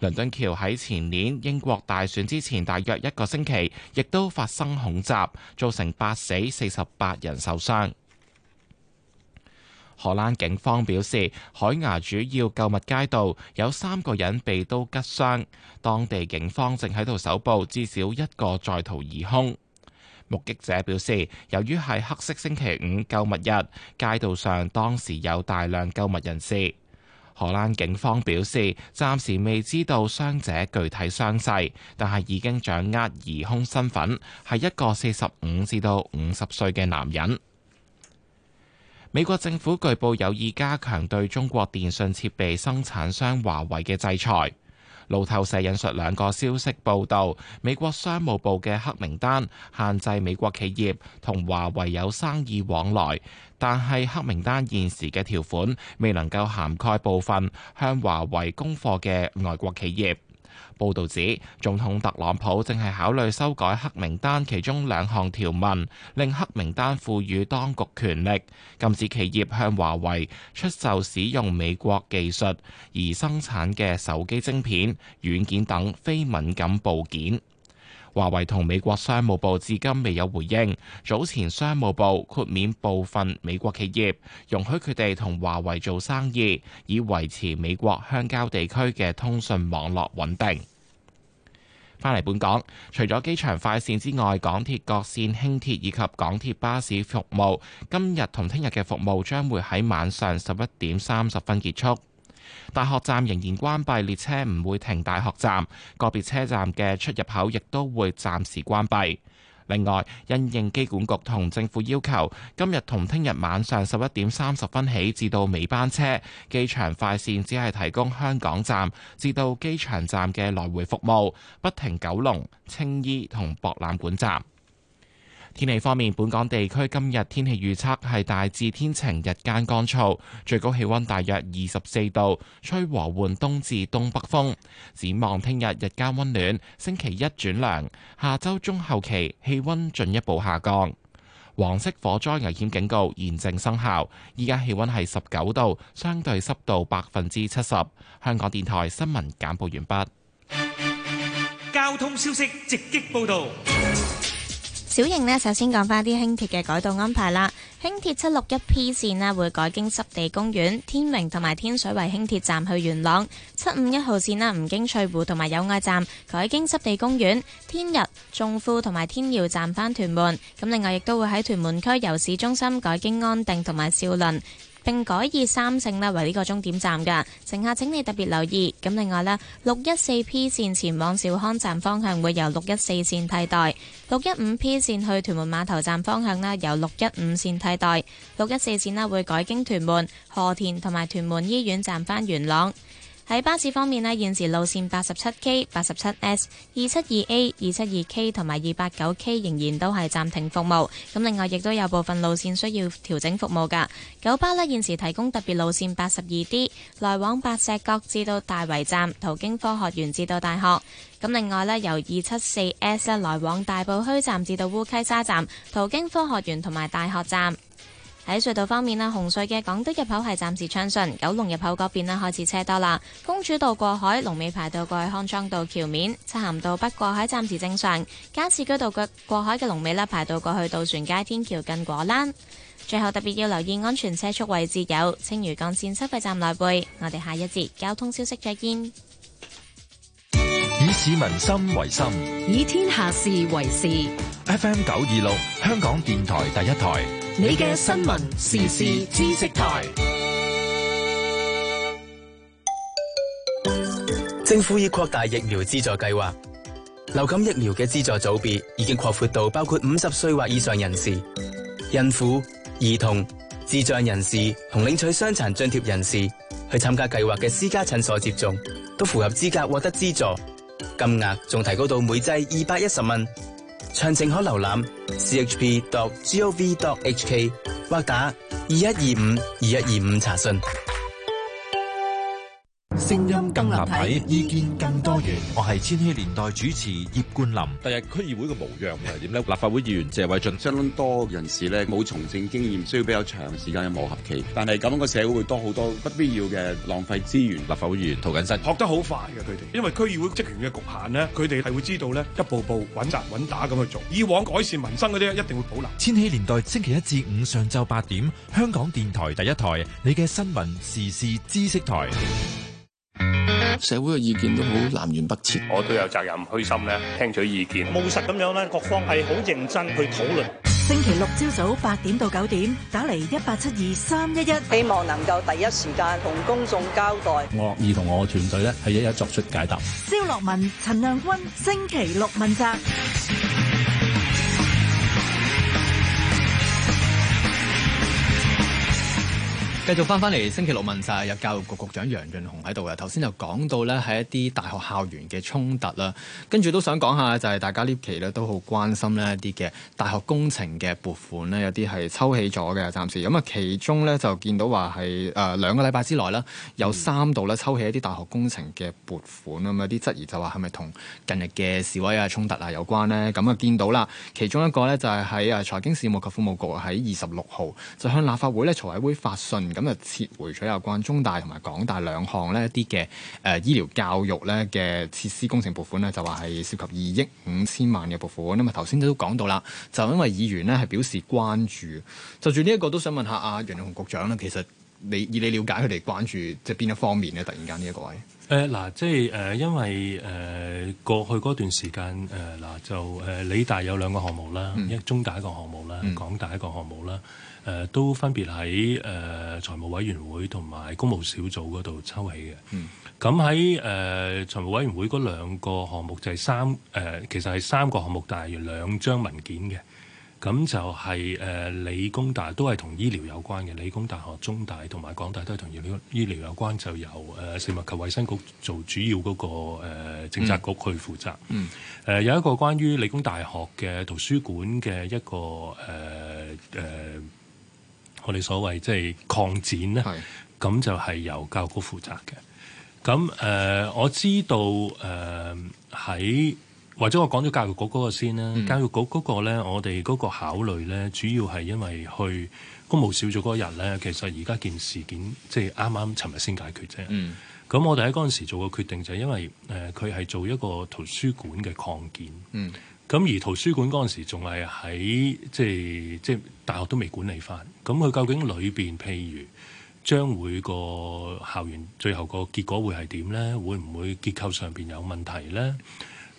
倫敦橋喺前年英國大選之前大約一個星期，亦都發生恐襲，造成八死四十八人受傷。荷蘭警方表示，海牙主要購物街道有三個人被刀拮傷，當地警方正喺度搜捕至少一個在逃疑兇。目擊者表示，由於係黑色星期五購物日，街道上當時有大量購物人士。荷蘭警方表示，暫時未知道傷者具體傷勢，但係已經掌握疑凶身份，係一個四十五至到五十歲嘅男人。美國政府據報有意加強對中國電信設備生產商華為嘅制裁。路透社引述兩個消息報道，美國商務部嘅黑名單限制美國企業同華為有生意往來，但係黑名單現時嘅條款未能夠涵蓋部分向華為供貨嘅外國企業。報導指，總統特朗普正係考慮修改黑名單其中兩項條文，令黑名單賦予當局權力，禁止企業向華為出售使用美國技術而生產嘅手機晶片、軟件等非敏感部件。華為同美國商務部至今未有回應。早前商務部豁免部分美國企業，容許佢哋同華為做生意，以維持美國鄉郊地區嘅通訊網絡穩定。返嚟本港，除咗機場快綫之外，港鐵各綫輕鐵以及港鐵巴士服務，今日同聽日嘅服務將會喺晚上十一點三十分結束。大學站仍然關閉，列車唔會停大學站，個別車站嘅出入口亦都會暫時關閉。另外，因應機管局同政府要求，今日同聽日晚上十一點三十分起至到尾班車，機場快綫只係提供香港站至到機場站嘅來回服務，不停九龍、青衣同博覽館站。天氣方面，本港地區今日天氣預測係大致天晴，日間乾燥，最高氣溫大約二十四度，吹和緩東至東北風。展望聽日日間溫暖，星期一轉涼，下周中後期氣溫進一步下降。黃色火災危險警告現正生效。依家氣溫係十九度，相對濕度百分之七十。香港電台新聞簡報完畢。交通消息直擊報道。小型呢，首先講返啲輕鐵嘅改動安排啦。輕鐵七六一 P 線呢，會改經濕地公園、天榮同埋天水圍輕鐵站去元朗。七五一號線呢，唔經翠湖同埋友愛站，改經濕地公園、天逸、頌富同埋天耀站返屯門。咁另外亦都會喺屯門區由市中心改經安定同埋兆麟。並改以三聖啦為呢個終點站嘅乘客，請你特別留意。咁另外呢，六一四 P 綫前往兆康站方向會由六一四綫替代；六一五 P 綫去屯門碼頭站方向呢，由六一五綫替代；六一四綫啦會改經屯門、河田同埋屯門醫院站返元朗。喺巴士方面呢現時路線八十七 k 八十七 s 二七二 a 二七二 k 同埋二八九 k 仍然都係暫停服務。咁另外亦都有部分路線需要調整服務嘅。九巴呢現時提供特別路線八十二 d 來往白石角至到大圍站，途經科學園至到大學。咁另外呢，由二七四 s 來往大埔墟站至到烏溪沙站，途經科學園同埋大學站。喺隧道方面啊，紅隧嘅港島入口係暫時暢順，九龍入口嗰邊咧開始車多啦。公主道過海，龍尾排到過去康莊道橋面；漆咸道北過海暫時正常。加士居道過海嘅龍尾咧排到過去渡船街天橋近果欄。最後特別要留意安全車速位置有青嶼幹線收費站內背。我哋下一節交通消息再見。以市民心為心，以天下事為事。F M 九二六，香港電台第一台。你嘅新聞時事知識台，政府已擴大疫苗資助計劃，流感疫苗嘅資助組別已經擴闊到包括五十歲或以上人士、孕婦、兒童、智障人士同領取傷殘津貼人士，去參加計劃嘅私家診所接種，都符合資格獲得資助，金額仲提高到每劑二百一十蚊。詳情可瀏覽 c h p dot g o v dot h k 或打二一二五二一二五查詢。聲音更立體，意見更多元。我係千禧年代主持葉冠霖。第 日區議會嘅模樣係點咧？ 立法會議員謝偉俊，相當多人士咧冇從政經驗，需要比較長時間嘅磨合期。但係咁樣個社會會多好多不必要嘅浪費資源。立法會議員涂謹申學得好快嘅，佢哋因為區議會職權嘅局限呢，佢哋係會知道咧一步步穩紮穩打咁去做。以往改善民生嗰啲一定會保留。千禧年代星期一至五上晝八點，香港電台第一台，你嘅新聞時事知識台。社會嘅意見都好南轅北轍，我都有責任虛心咧，聽取意見，務實咁樣咧，各方係好認真去討論。星期六朝早八點到九點，打嚟一八七二三一一，希望能夠第一時間同公眾交代，樂意同我團隊咧係一一作出解答。蕭洛汶、陳亮均，星期六問責。繼續翻返嚟星期六問晒，有教育局局長楊潤雄喺度呀。頭先就講到呢，係一啲大學校園嘅衝突啦，跟住都想講下就係大家呢期咧都好關心呢一啲嘅大學工程嘅撥款呢，有啲係抽起咗嘅，暫時。咁啊，其中呢就見到話係誒兩個禮拜之內啦，有三度呢抽起一啲大學工程嘅撥款啊，咁有啲質疑就話係咪同近日嘅示威啊、衝突啊有關呢？咁啊見到啦，其中一個呢，就係喺誒財經事務及服務局喺二十六號就向立法會呢財委會發信。咁啊，撤回咗有關中大同埋港大兩項呢一啲嘅誒醫療教育咧嘅設施工程撥款咧，就話係涉及二億五千萬嘅撥款。咁啊，頭先都講到啦，就因為議員呢係表示關注，就住呢一個都想問下阿楊潤雄局長啦。其實你以你，你了解佢哋關注即係邊一方面呢？突然間呢一個位，誒嗱、呃，即係誒因為誒過去嗰段時間誒嗱、呃、就誒、呃，理大有兩個項目啦，一、嗯、中大一個項目啦，港大一個項目啦。嗯誒、呃、都分別喺誒、呃、財務委員會同埋公務小組嗰度抽起嘅。咁喺誒財務委員會嗰兩個項目就係三誒、呃，其實係三個項目，但係兩張文件嘅。咁就係誒理工大都係同醫療有關嘅，理工大學、大學中大同埋港大都係同醫療有關，就由誒、呃、食物及衞生局做主要嗰、那個、呃、政策局去負責。誒、嗯嗯呃、有一個關於理工大學嘅圖書館嘅一個誒誒。呃呃呃呃呃我哋所謂即係擴展咧，咁是就係由教育局負責嘅。咁誒、呃，我知道誒喺、呃、或者我講咗教育局嗰個先啦。嗯、教育局嗰個咧，我哋嗰個考慮咧，主要係因為去公務小組嗰日咧，其實而家件事件即係啱啱尋日先解決啫。咁、嗯、我哋喺嗰陣時做個決定，就係因為誒佢係做一個圖書館嘅擴建。嗯咁而圖書館嗰陣時仲係喺即係即係大學都未管理翻，咁佢究竟裏邊譬如將會個校園最後個結果會係點呢？會唔會結構上邊有問題呢？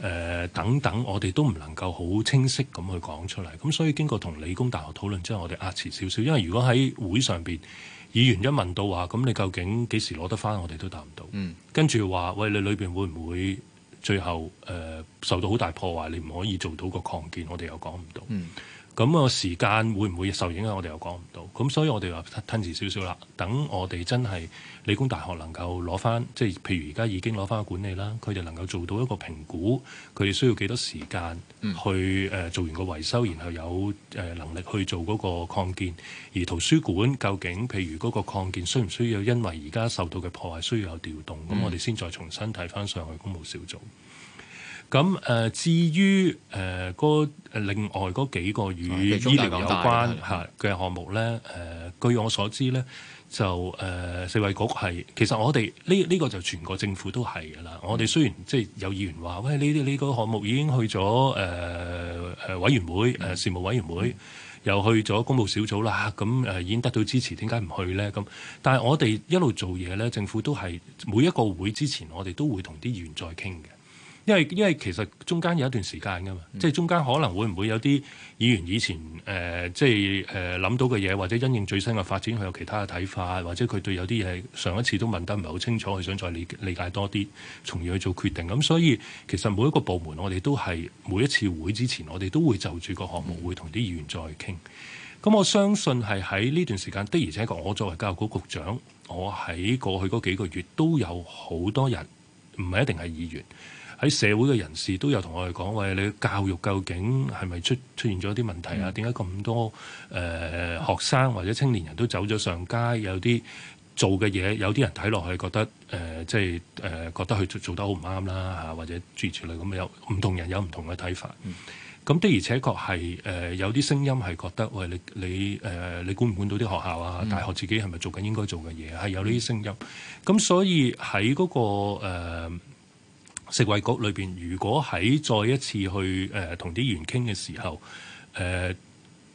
誒、呃、等等，我哋都唔能夠好清晰咁去講出嚟。咁所以經過同理工大學討論之後，我哋壓遲少少。因為如果喺會上邊議員一問到話，咁你究竟幾時攞得翻，我哋都答唔到。嗯、跟住話喂，你裏邊會唔會？最後誒、呃、受到好大破壞，你唔可以做到個擴建，我哋又講唔到。嗯。咁個時間會唔會受影響？我哋又講唔到。咁所以我哋話延遲少少啦。等我哋真係理工大學能夠攞翻，即係譬如而家已經攞翻管理啦，佢哋能夠做到一個評估，佢哋需要幾多時間去誒、呃、做完個維修，然後有誒、呃、能力去做嗰個擴建。而圖書館究竟譬如嗰個擴建需唔需要，因為而家受到嘅破壞需要有調動，咁、嗯、我哋先再重新睇翻上去公務小組。咁誒、呃，至於誒嗰另外嗰幾個與、啊、醫療有關嚇嘅項目咧，誒的、呃、據我所知咧，就誒食衞局係其實我哋呢呢個就全個政府都係噶啦。嗯、我哋雖然即係、就是、有議員話，喂呢啲呢個項目已經去咗誒誒委員會誒事務委員會，嗯、又去咗公佈小組啦，咁、啊、誒、嗯呃、已經得到支持，點解唔去咧？咁但係我哋一路做嘢咧，政府都係每一個會之前，之前我哋都會同啲議員再傾嘅。因為因為其實中間有一段時間㗎嘛，嗯、即係中間可能會唔會有啲議員以前誒、呃，即係誒諗到嘅嘢，或者因應最新嘅發展，佢有其他嘅睇法，或者佢對有啲嘢上一次都問得唔係好清楚，佢想再理理解多啲，從而去做決定。咁所以其實每一個部門，我哋都係每一次會之前，我哋都會就住個項目會同啲議員再傾。咁、嗯、我相信係喺呢段時間，的而且確我作為教育局局長，我喺過去嗰幾個月都有好多人唔係一定係議員。喺社會嘅人士都有同我哋講：喂，你教育究竟係咪出出現咗啲問題啊？點解咁多誒、呃、學生或者青年人都走咗上街？有啲做嘅嘢，有啲人睇落去覺得誒、呃，即係誒、呃、覺得佢做得好唔啱啦嚇，或者諸如此類咁，有唔同人有唔同嘅睇法。咁、嗯、的而且確係誒、呃，有啲聲音係覺得：喂，你你誒，你管唔管到啲學校啊？嗯、大學自己係咪做緊應該做嘅嘢？係有呢啲聲音。咁、嗯、所以喺嗰、嗰個食衛局裏邊，如果喺再一次去誒同啲議員傾嘅時候，誒、呃、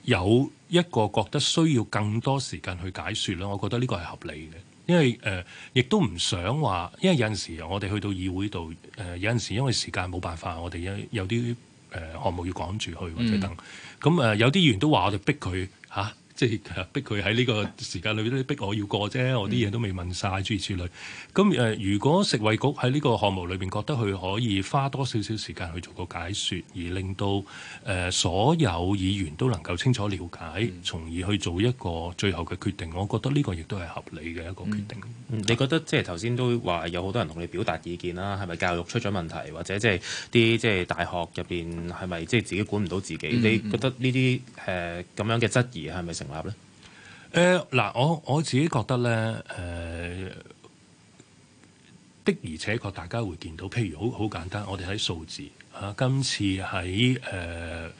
有一個覺得需要更多時間去解説咧，我覺得呢個係合理嘅，因為誒、呃、亦都唔想話，因為有陣時我哋去到議會度，誒、呃、有陣時因為時間冇辦法，我哋有有啲誒項目要趕住去或者等，咁、呃、誒有啲議員都話我哋逼佢嚇。啊即係逼佢喺呢個時間裏邊都逼我要過啫，我啲嘢都未問晒諸如此類。咁誒、呃，如果食衞局喺呢個項目裏邊覺得佢可以花多少少時間去做個解説，而令到誒、呃、所有議員都能夠清楚了解，從而去做一個最後嘅決定，我覺得呢個亦都係合理嘅一個決定。嗯嗯、你覺得即係頭先都話有好多人同你表達意見啦，係咪教育出咗問題，或者即係啲即係大學入邊係咪即係自己管唔到自己？嗯、你覺得呢啲誒咁樣嘅質疑係咪？成立咧？誒，嗱，我我自己覺得咧，誒、呃、的而且確，大家會見到，譬如好好簡單，我哋睇數字吓、啊，今次喺誒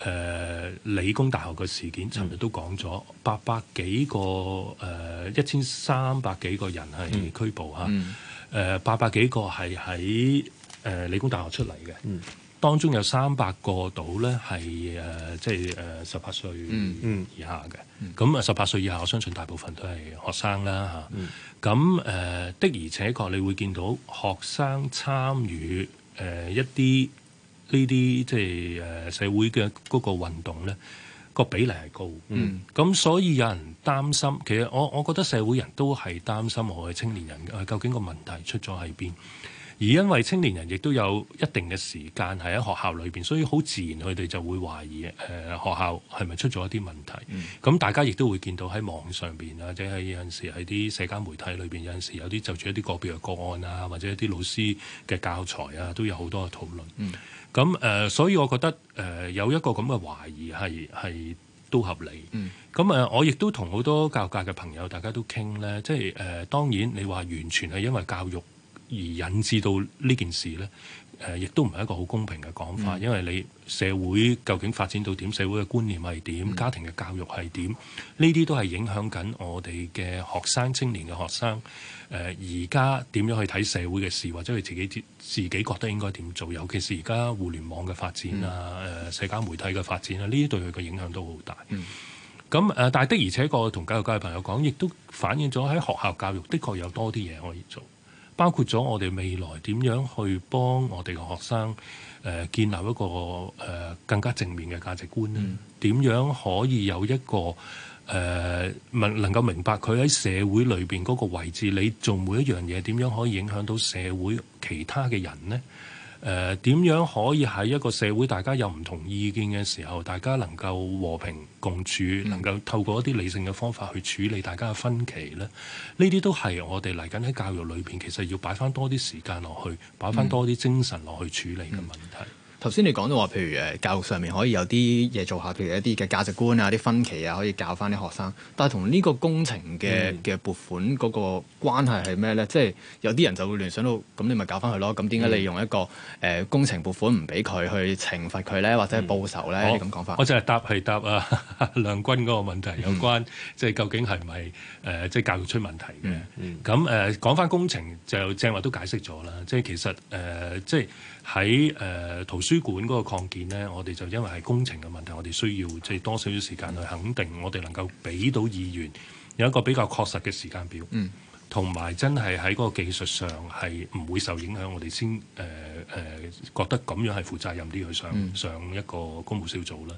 誒理工大學嘅事件，尋日都講咗八百幾個誒，一千三百幾個人係拘捕吓，誒八百幾個係喺誒理工大學出嚟嘅。嗯當中有三百個到咧係誒，即係誒十八歲以下嘅。咁啊、嗯，十八歲以下，我相信大部分都係學生啦嚇。咁、呃、誒的而且確，你會見到學生參與誒、呃、一啲呢啲即係誒、呃、社會嘅嗰個運動咧，個比例係高。咁、嗯、所以有人擔心，其實我我覺得社會人都係擔心我係青年人，究竟個問題出咗喺邊？而因為青年人亦都有一定嘅時間係喺學校裏邊，所以好自然佢哋就會懷疑誒、呃、學校係咪出咗一啲問題。咁、嗯、大家亦都會見到喺網上邊啊，或者係有陣時喺啲社交媒體裏邊，有陣時有啲就住一啲個別嘅個案啊，或者一啲老師嘅教材啊，都有好多嘅討論。咁誒、嗯呃，所以我覺得誒、呃、有一個咁嘅懷疑係係都合理。咁誒、嗯呃，我亦都同好多教育界嘅朋友大家都傾咧，即係誒、呃、當然你話完全係因為教育，而引致到呢件事呢，誒、呃，亦都唔係一個好公平嘅講法，嗯、因為你社會究竟發展到點，社會嘅觀念係點、嗯、家庭嘅教育係點，呢啲都係影響緊我哋嘅學生、青年嘅學生。誒而家點樣去睇社會嘅事，或者佢自己自己覺得應該點做？尤其是而家互聯網嘅發展啊，誒、嗯呃、社交媒體嘅發展啊，呢啲對佢嘅影響都好大。咁誒、嗯嗯、但係的而且確同教育界嘅朋友講，亦都反映咗喺學校教育，教育，教育的確有多啲嘢可以做。包括咗我哋未來點樣去幫我哋嘅學生誒、呃、建立一個誒、呃、更加正面嘅價值觀咧？點樣可以有一個誒明、呃、能夠明白佢喺社會裏邊嗰個位置？你做每一樣嘢點樣可以影響到社會其他嘅人咧？誒、呃、點樣可以喺一個社會，大家有唔同意見嘅時候，大家能夠和平共處，嗯、能夠透過一啲理性嘅方法去處理大家嘅分歧呢？呢啲都係我哋嚟緊喺教育裏邊，其實要擺翻多啲時間落去，擺翻多啲精神落去處理嘅問題。嗯嗯頭先你講到話，譬如誒教育上面可以有啲嘢做下，譬如一啲嘅價值觀啊、啲分歧啊，可以教翻啲學生。但係同呢個工程嘅嘅撥款嗰個關係係咩咧？即係、嗯、有啲人就會聯想到，咁你咪教翻佢咯。咁點解你用一個誒、嗯呃、工程撥款唔俾佢去懲罰佢咧，或者報仇咧？咁講法，我淨係答係答啊梁君嗰個問題有關，即係、嗯、究竟係唔係誒即係教育出問題嘅？咁誒、呃、講翻工程就正話都解釋咗啦、呃呃。即係其實誒即係。喺誒、呃、圖書館嗰個擴建呢，我哋就因為係工程嘅問題，我哋需要即係多少少時間去肯定我哋能夠俾到議員有一個比較確實嘅時間表，嗯，同埋真係喺嗰個技術上係唔會受影響，我哋先誒誒覺得咁樣係負責任啲去上、嗯、上一個公務小組啦。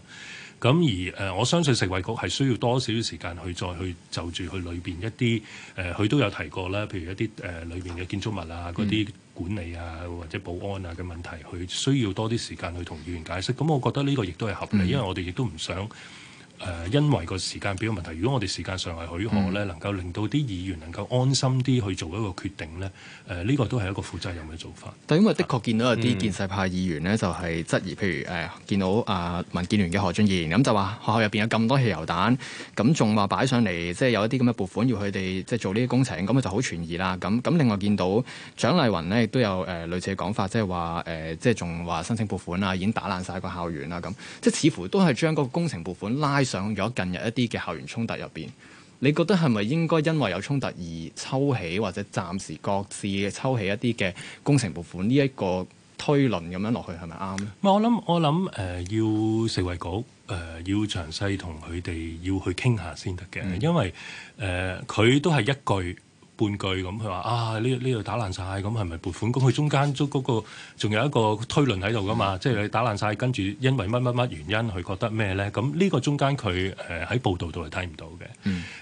咁而誒、呃，我相信食衞局係需要多少少時間去再去就住佢裏邊一啲誒，佢、呃、都有提過啦，譬如一啲誒裏邊嘅建築物啊嗰啲。管理啊，或者保安啊嘅問題，佢需要多啲時間去同議員解釋。咁，嗯，我覺得呢個亦都係合理，因為我哋亦都唔想。呃、因為個時間表問題，如果我哋時間上係許可咧，嗯、能夠令到啲議員能夠安心啲去做一個決定咧，誒、呃，呢、這個都係一個負責任嘅做法。但因為的確見到有啲建制派議員呢，嗯、就係質疑，譬如誒、呃，見到啊民、呃、建聯嘅何俊賢咁就話學校入邊有咁多汽油彈，咁仲話擺上嚟，即、就、係、是、有一啲咁嘅撥款要佢哋即係做呢啲工程，咁就好存疑啦。咁咁另外見到蔣麗芸呢，亦都有誒、呃、類似嘅講法，即係話誒，即係仲話申請撥款啊，已經打爛晒個校園啦，咁即係似乎都係將嗰個工程撥款拉。上咗近日一啲嘅校園衝突入邊，你覺得係咪應該因為有衝突而抽起或者暫時各自抽起一啲嘅工程撥款，呢一個推論咁樣落去係咪啱咧？我諗，我諗誒要食衛局誒、呃、要詳細同佢哋要去傾下先得嘅，嗯、因為誒佢、呃、都係一句。半句咁佢話啊，呢呢度打爛晒，咁係咪撥款？咁佢中間都嗰個仲有一個推論喺度㗎嘛，嗯、即係你打爛晒，跟住因為乜乜乜原因佢覺得咩咧？咁呢個中間佢誒喺報道度係睇唔到嘅。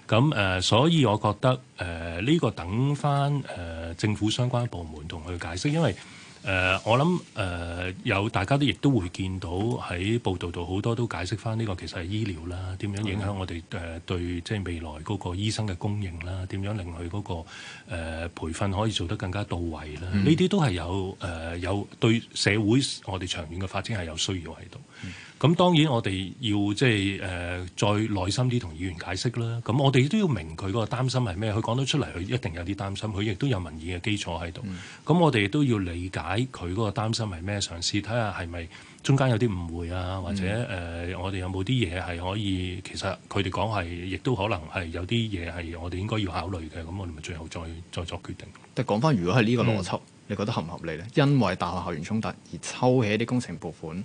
咁誒、嗯，所以我覺得誒呢、呃呢個等翻誒政府相關部門同佢解釋，因為。誒、呃，我諗誒、呃，有大家都亦都會見到喺報道度好多都解釋返呢個其實係醫療啦，點樣影響我哋誒、呃、對即係未來嗰個醫生嘅供應啦，點樣令佢嗰、嗰個、呃、培訓可以做得更加到位啦？呢啲、嗯、都係有誒、呃、有對社會我哋長遠嘅發展係有需要喺度。嗯。咁當然我哋要即係誒再耐心啲同議員解釋啦。咁我哋都要明佢嗰個擔心係咩。佢講得出嚟，佢一定有啲擔心。佢亦都有民意嘅基礎喺度。咁、嗯、我哋都要理解佢嗰個擔心係咩，嘗試睇下係咪中間有啲誤會啊，或者誒、呃、我哋有冇啲嘢係可以，其實佢哋講係亦都可能係有啲嘢係我哋應該要考慮嘅。咁我哋咪最後再再作決定。但講翻，如果係呢個邏輯，你覺得合唔合理呢？因為大學校園衝突而抽起啲工程撥款。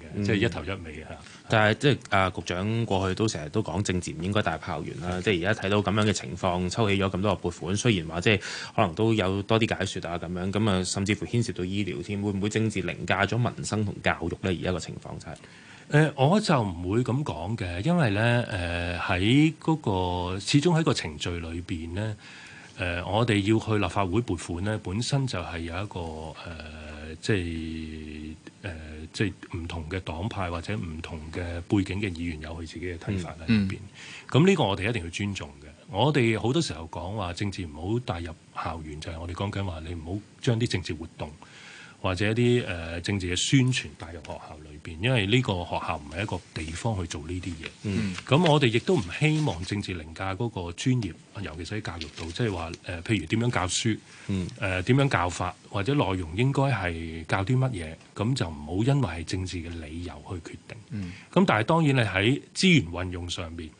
嗯、即係一頭一尾嚇，嗯、但係即係啊，局長過去都成日都講政治唔應該大炮員啦。的即係而家睇到咁樣嘅情況，抽起咗咁多個撥款，雖然話即係可能都有多啲解説啊咁樣，咁啊甚至乎牽涉到醫療添，會唔會政治凌駕咗民生同教育咧？而家個情況就係，誒、呃、我就唔會咁講嘅，因為咧誒喺嗰個始終喺個程序裏邊咧，誒、呃、我哋要去立法會撥款咧，本身就係有一個誒、呃、即係。誒，即係唔同嘅黨派或者唔同嘅背景嘅議員有佢自己嘅睇法喺入邊，咁呢、嗯、個我哋一定要尊重嘅。我哋好多時候講話政治唔好帶入校園，就係、是、我哋講緊話你唔好將啲政治活動。或者一啲誒、呃、政治嘅宣傳帶入學校裏邊，因為呢個學校唔係一個地方去做呢啲嘢。嗯，咁我哋亦都唔希望政治凌駕嗰個專業，尤其是喺教育度，即係話誒譬如點樣教書，誒、呃、點樣教法，或者內容應該係教啲乜嘢，咁就唔好因為係政治嘅理由去決定。嗯，咁但係當然你喺資源運用上邊，誒、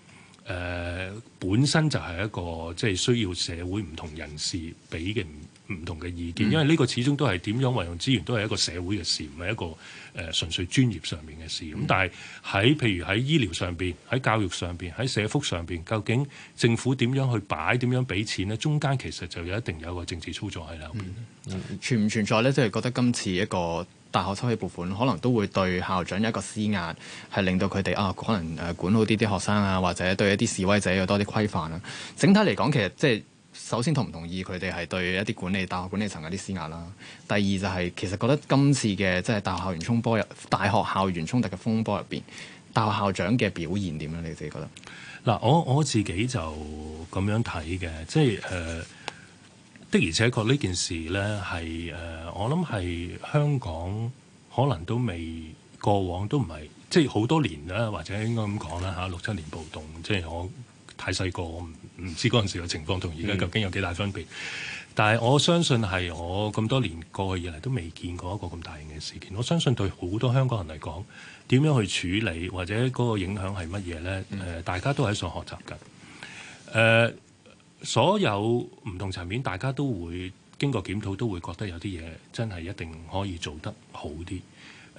呃、本身就係一個即係、就是、需要社會唔同人士俾嘅。唔同嘅意見，因為呢個始終都係點樣運用資源，都係一個社會嘅事，唔係一個誒、呃、純粹專業上面嘅事。咁、嗯、但係喺譬如喺醫療上邊、喺教育上邊、喺社福上邊，究竟政府點樣去擺、點樣俾錢呢？中間其實就有一定有一個政治操作喺裏邊。嗯、對存唔存在呢？即、就、係、是、覺得今次一個大學抽起撥款，可能都會對校長有一個施壓，係令到佢哋啊可能誒管好啲啲學生啊，或者對一啲示威者有多啲規範啊。整體嚟講，其實即、就、係、是。首先同唔同意佢哋係對一啲管理大學管理層嗰啲施壓啦？第二就係、是、其實覺得今次嘅即係大學校園衝波入大學校園衝突嘅風波入邊，大學校長嘅表現點樣，你自己覺得？嗱，我我自己就咁樣睇嘅，即係誒、呃、的而且確呢件事咧，係誒，我諗係香港可能都未過往都唔係，即係好多年啦，或者應該咁講啦吓，六七年暴動，即係我太細個。唔知嗰陣時嘅情況同而家究竟有幾大分別？嗯、但係我相信係我咁多年過去以嚟都未見過一個咁大型嘅事件。我相信對好多香港人嚟講，點樣去處理或者嗰個影響係乜嘢呢？誒、呃，大家都喺想學習緊。誒、呃，所有唔同層面，大家都會經過檢討，都會覺得有啲嘢真係一定可以做得好啲。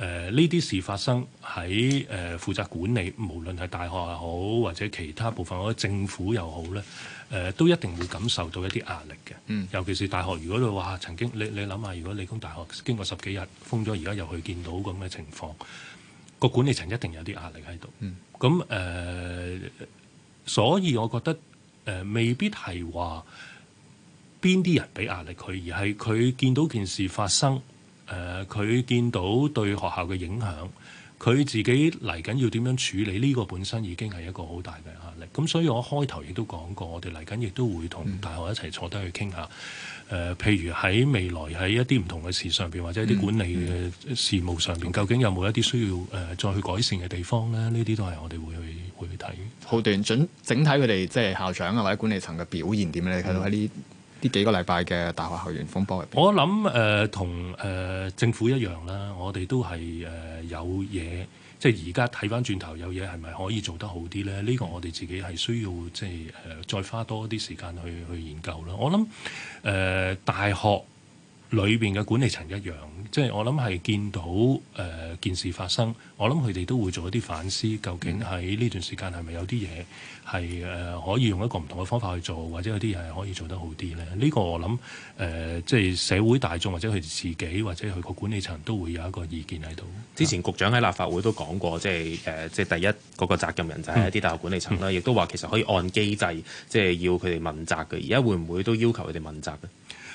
誒呢啲事發生喺誒、呃、負責管理，無論係大學又好，或者其他部分或者政府又好咧，誒、呃、都一定會感受到一啲壓力嘅。嗯、尤其是大學，如果你話曾經，你你諗下，如果理工大學經過十幾日封咗，而家又去見到咁嘅情況，個管理層一定有啲壓力喺度。咁誒、嗯呃，所以我覺得誒、呃、未必係話邊啲人俾壓力佢，而係佢見到件事發生。誒佢、呃、見到對學校嘅影響，佢自己嚟緊要點樣處理呢、這個本身已經係一個好大嘅壓力。咁所以我開頭亦都講過，我哋嚟緊亦都會同大學一齊坐低去傾下。誒、呃，譬如喺未來喺一啲唔同嘅事上邊，或者一啲管理嘅事務上邊，究竟有冇一啲需要誒再去改善嘅地方咧？呢啲都係我哋會去去睇。會好，判斷整整體佢哋即係校長啊或者管理層嘅表現點咧？睇到喺呢。呢幾個禮拜嘅大學校園風波入邊，我諗誒同誒政府一樣啦，我哋都係誒、呃、有嘢，即係而家睇返轉頭有嘢係咪可以做得好啲咧？呢、這個我哋自己係需要即係誒、呃、再花多啲時間去去研究啦。我諗誒、呃、大學。裏邊嘅管理層一樣，即係我諗係見到誒、呃、件事發生，我諗佢哋都會做一啲反思，究竟喺呢段時間係咪有啲嘢係誒可以用一個唔同嘅方法去做，或者有啲嘢係可以做得好啲咧？呢、這個我諗誒、呃、即係社會大眾或者佢自己或者佢個管理層都會有一個意見喺度。之前局長喺立法會都講過，即係誒、呃、即係第一嗰個責任人就係一啲大學管理層啦，亦、嗯、都話其實可以按機制即係要佢哋問責嘅。而家會唔會都要求佢哋問責咧？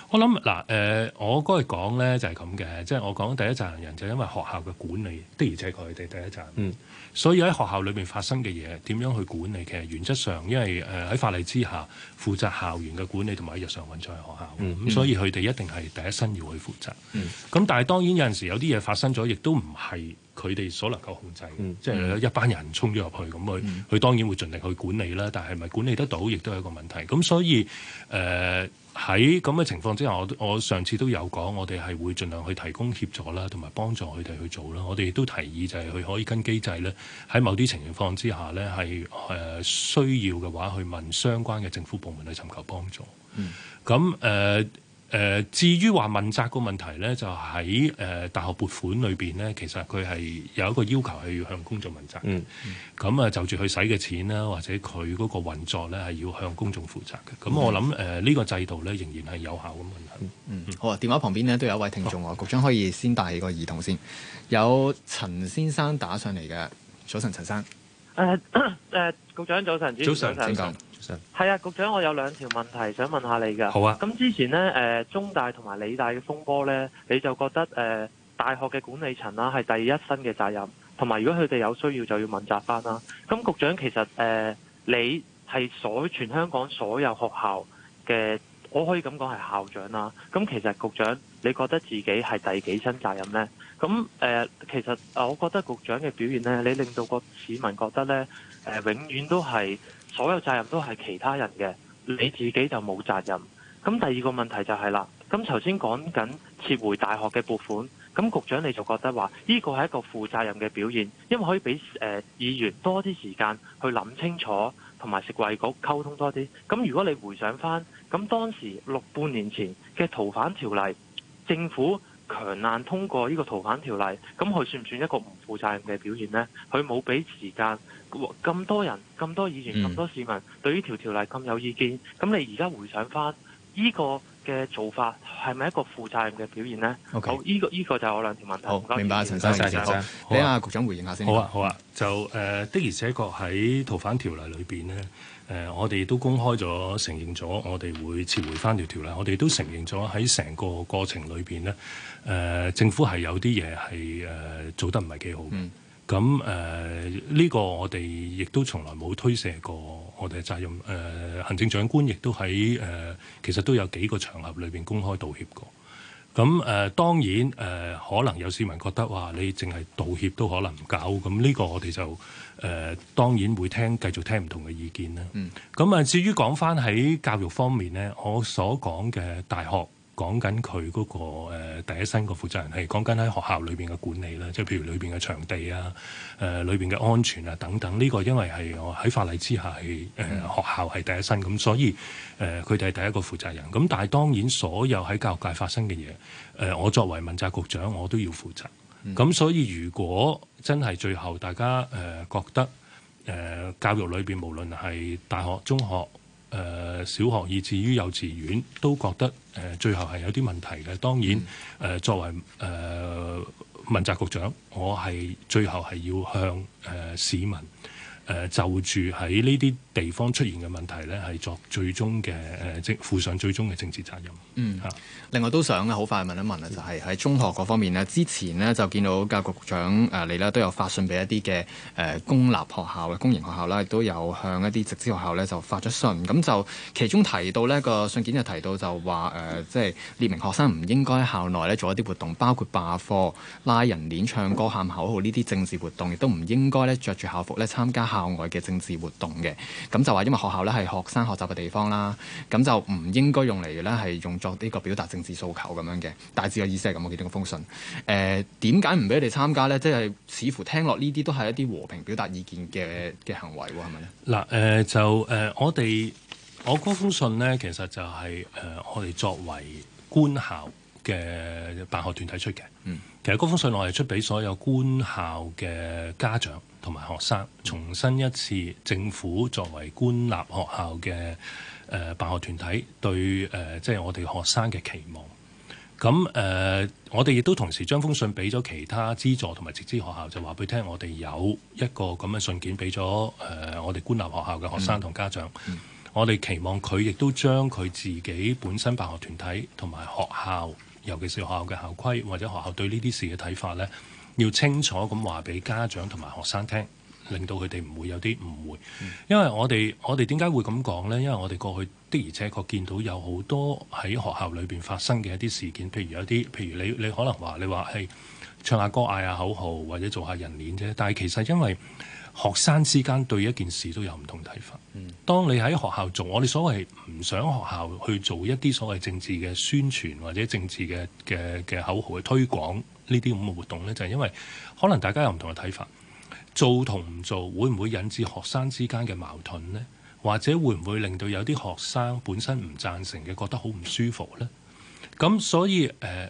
我諗嗱，誒、呃，我嗰日講咧就係咁嘅，即係我講第一責任人就係、因為學校嘅管理，的而且確係佢哋第一責任。嗯，所以喺學校裏邊發生嘅嘢點樣去管理，其實原則上，因為誒喺、呃、法例之下負責校園嘅管理同埋日常運作嘅學校。咁、嗯、所以佢哋一定係第一身要去負責。咁、嗯、但係當然有陣時有啲嘢發生咗，亦都唔係佢哋所能夠控制。即係、嗯、一班人衝咗入去咁，去，佢、嗯、當然會盡力去管理啦。但係咪管理得到，亦都係一個問題。咁所以誒。呃呃喺咁嘅情況之下，我我上次都有講，我哋係會盡量去提供協助啦，同埋幫助佢哋去做啦。我哋亦都提議就係佢可以跟機制咧，喺某啲情況之下咧，係誒、呃、需要嘅話，去問相關嘅政府部門去尋求幫助。嗯，咁誒。呃誒、呃，至於話問責個問題咧，就喺誒、呃、大學撥款裏邊咧，其實佢係有一個要求係要向公眾問責嘅。咁啊、嗯，嗯、就住佢使嘅錢啦，或者佢嗰個運作咧係要向公眾負責嘅。咁我諗，誒，呢個制度咧仍然係有效咁運行。好啊，電話旁邊呢，都有一位聽眾喎，哦、局長可以先帶起個耳筒先。有陳先生打上嚟嘅，早晨陳生。誒誒，局長早晨，早晨，係啊，局長，我有兩條問題想問下你嘅。好啊。咁之前呢，誒、呃、中大同埋理大嘅風波呢，你就覺得誒、呃、大學嘅管理層啦，係第一身嘅責任。同埋如果佢哋有需要，就要問責返啦。咁局長其實誒、呃，你係所全香港所有學校嘅，我可以咁講係校長啦。咁、啊、其實局長，你覺得自己係第幾身責任呢？咁誒、呃，其實啊，我覺得局長嘅表現呢，你令到個市民覺得呢，誒、呃、永遠都係。所有責任都係其他人嘅，你自己就冇責任。咁第二個問題就係啦，咁頭先講緊撤回大學嘅撥款，咁局長你就覺得話呢個係一個負責任嘅表現，因為可以俾誒議員多啲時間去諗清楚，同埋食衞局溝通多啲。咁如果你回想返，咁當時六半年前嘅逃犯條例，政府強硬通過呢個逃犯條例，咁佢算唔算一個唔負責任嘅表現呢？佢冇俾時間。咁多人、咁多議員、咁、嗯、多市民對呢條條例咁有意見，咁你而家回想翻，呢、這個嘅做法係咪一個負責任嘅表現呢？好 Okay，這個，呢個依個就係我兩條問題。好，謝謝，明白啊，陳生，唔該曬，陳生，俾阿局長回應下先。好啊，好啊，就誒、呃、的而且確喺逃犯條例裏邊呢，誒、呃、我哋都公開咗承認咗，我哋會撤回翻條條例。我哋都承認咗喺成個過程裏邊呢，誒、呃、政府係有啲嘢係誒做得唔係幾好。嗯咁誒呢個我哋亦都從來冇推卸過我哋嘅責任，誒、呃、行政長官亦都喺誒、呃、其實都有幾個場合裏邊公開道歉過。咁、嗯、誒、呃、當然誒、呃、可能有市民覺得話你淨係道歉都可能唔夠。咁呢個我哋就誒、呃、當然會聽繼續聽唔同嘅意見啦。咁啊、嗯、至於講翻喺教育方面咧，我所講嘅大學。講緊佢嗰個、呃、第一身嘅負責人係講緊喺學校裏邊嘅管理啦，即係譬如裏邊嘅場地啊、誒裏邊嘅安全啊等等。呢、這個因為係我喺法例之下係誒、呃、學校係第一身咁，所以誒佢哋係第一個負責人。咁但係當然所有喺教育界發生嘅嘢，誒、呃、我作為問責局長，我都要負責。咁所以如果真係最後大家誒、呃、覺得誒、呃、教育裏邊無論係大學、中學。誒、呃、小學以至於幼稚園都覺得誒、呃、最後係有啲問題嘅。當然誒、呃、作為誒問、呃、責局長，我係最後係要向誒、呃、市民誒、呃、就住喺呢啲地方出現嘅問題咧，係作最終嘅誒即負上最終嘅政治責任。嗯，另外都想好快問一問啊，就係、是、喺中學嗰方面啊，之前咧就見到教育局長誒你咧都有發信俾一啲嘅誒公立學校嘅公營學校啦，亦都有向一啲直資學校咧就發咗信。咁就其中提到呢、那個信件就提到就話誒，即、呃、係、就是、列明學生唔應該校內咧做一啲活動，包括罷課、拉人鏈、唱歌、喊口號呢啲政治活動，亦都唔應該咧著住校服咧參加校外嘅政治活動嘅。咁就話因為學校咧係學生學習嘅地方啦，咁就唔應該用嚟咧係用作呢個表達政治訴求咁樣嘅。大致嘅意思係咁，我記得封信。誒點解唔俾你哋參加咧？即係似乎聽落呢啲都係一啲和平表達意見嘅嘅行為喎，係咪咧？嗱誒就誒我哋我嗰封信呢，其實就係誒我哋作為官校。嘅辦學團體出嘅，嗯、其實嗰封信我係出俾所有官校嘅家長同埋學生，重申一次政府作為官立學校嘅誒、呃、辦學團體對誒、呃，即係我哋學生嘅期望。咁誒、呃、我哋亦都同時將封信俾咗其他資助同埋直資學校，就話俾聽，我哋有一個咁嘅信件俾咗誒我哋官立學校嘅學生同家長，嗯嗯、我哋期望佢亦都將佢自己本身辦學團體同埋學校。尤其是學校嘅校規，或者學校對呢啲事嘅睇法呢，要清楚咁話俾家長同埋學生聽，令到佢哋唔會有啲誤會。因為我哋我哋點解會咁講呢？因為我哋過去的而且確見到有好多喺學校裏邊發生嘅一啲事件，譬如有啲，譬如你你可能話你話係唱下歌、嗌下口號或者做下人鏈啫，但係其實因為學生之間對一件事都有唔同睇法。當你喺學校做，我哋所謂唔想學校去做一啲所謂政治嘅宣傳或者政治嘅嘅嘅口號嘅推廣呢啲咁嘅活動呢，就係因為可能大家有唔同嘅睇法，做同唔做會唔會引致學生之間嘅矛盾呢？或者會唔會令到有啲學生本身唔贊成嘅，覺得好唔舒服呢？咁所以誒，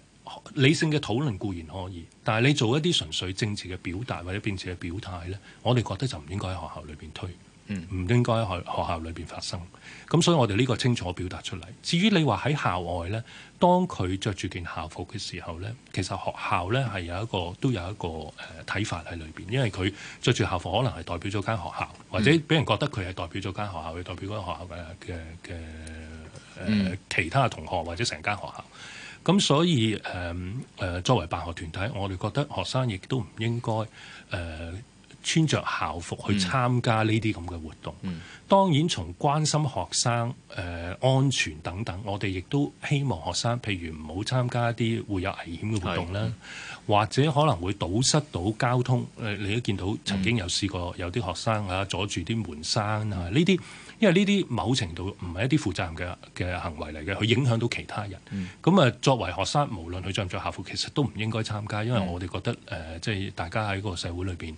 理性嘅討論固然可以，但係你做一啲純粹政治嘅表達或者政治嘅表態呢，我哋覺得就唔應該喺學校裏邊推。唔應該喺學校裏邊發生，咁所以我哋呢個清楚表達出嚟。至於你話喺校外呢，當佢着住件校服嘅時候呢，其實學校呢係有一個都有一個誒、呃、睇法喺裏邊，因為佢着住校服可能係代表咗間學校，或者俾人覺得佢係代表咗間學校，佢、嗯、代表嗰間學校嘅嘅嘅其他同學或者成間學校。咁所以誒誒、呃，作為辦學團體，我哋覺得學生亦都唔應該誒、呃穿着校服去參加呢啲咁嘅活動，嗯、當然從關心學生誒、呃、安全等等，我哋亦都希望學生譬如唔好參加一啲會有危險嘅活動啦，的或者可能會堵塞到交通。誒，你都見到曾經有試過有啲學生啊阻住啲門閂啊呢啲，因為呢啲某程度唔係一啲負責任嘅嘅行為嚟嘅，佢影響到其他人。咁啊、嗯，作為學生，無論佢着唔着校服，其實都唔應該參加，因為我哋覺得誒即係大家喺個社會裏邊。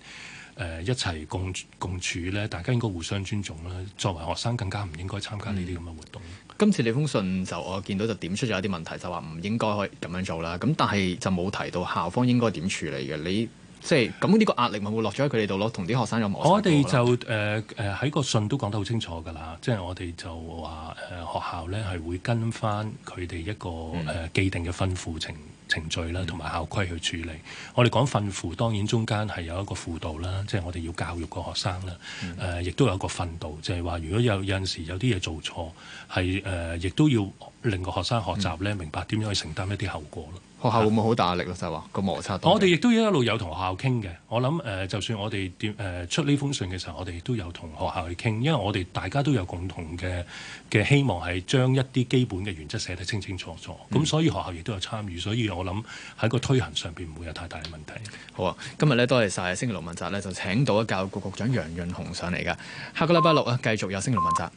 誒、呃、一齊共共處咧，大家應該互相尊重啦。作為學生，更加唔應該參加呢啲咁嘅活動。嗯、今次呢封信就我見到就點出咗一啲問題，就話唔應該可以咁樣做啦。咁但係就冇提到校方應該點處理嘅。你即係咁呢個壓力咪會落咗喺佢哋度咯，同啲學生有冇？我哋就誒誒喺個信都講得好清楚㗎啦，即係我哋就話誒、呃、學校咧係會跟翻佢哋一個誒、嗯呃、既定嘅吩咐程程序啦，同埋校規去處理。我哋講訓輔，當然中間係有一個輔導啦，即係我哋要教育個學生啦。誒，嗯，呃，亦都有一個訓導，就係話如果有有陣時有啲嘢做錯，係誒，呃，亦都要令個學生學習咧，嗯，明白點樣去承擔一啲後果咯。學校會唔會好大壓力咯？啊、就係話個摩擦。我哋亦都一路有同學校傾嘅。我諗誒，就算我哋點誒出呢封信嘅時候，我哋都有同學校去傾，因為我哋大家都有共同嘅嘅希望係將一啲基本嘅原則寫得清清楚楚。咁、嗯、所以學校亦都有參與。所以我諗喺個推行上邊唔會有太大嘅問題。好啊，今日咧，多謝晒星期六問責咧，就請到教育局局長楊潤雄上嚟㗎。下個禮拜六啊，繼續有星期六問責。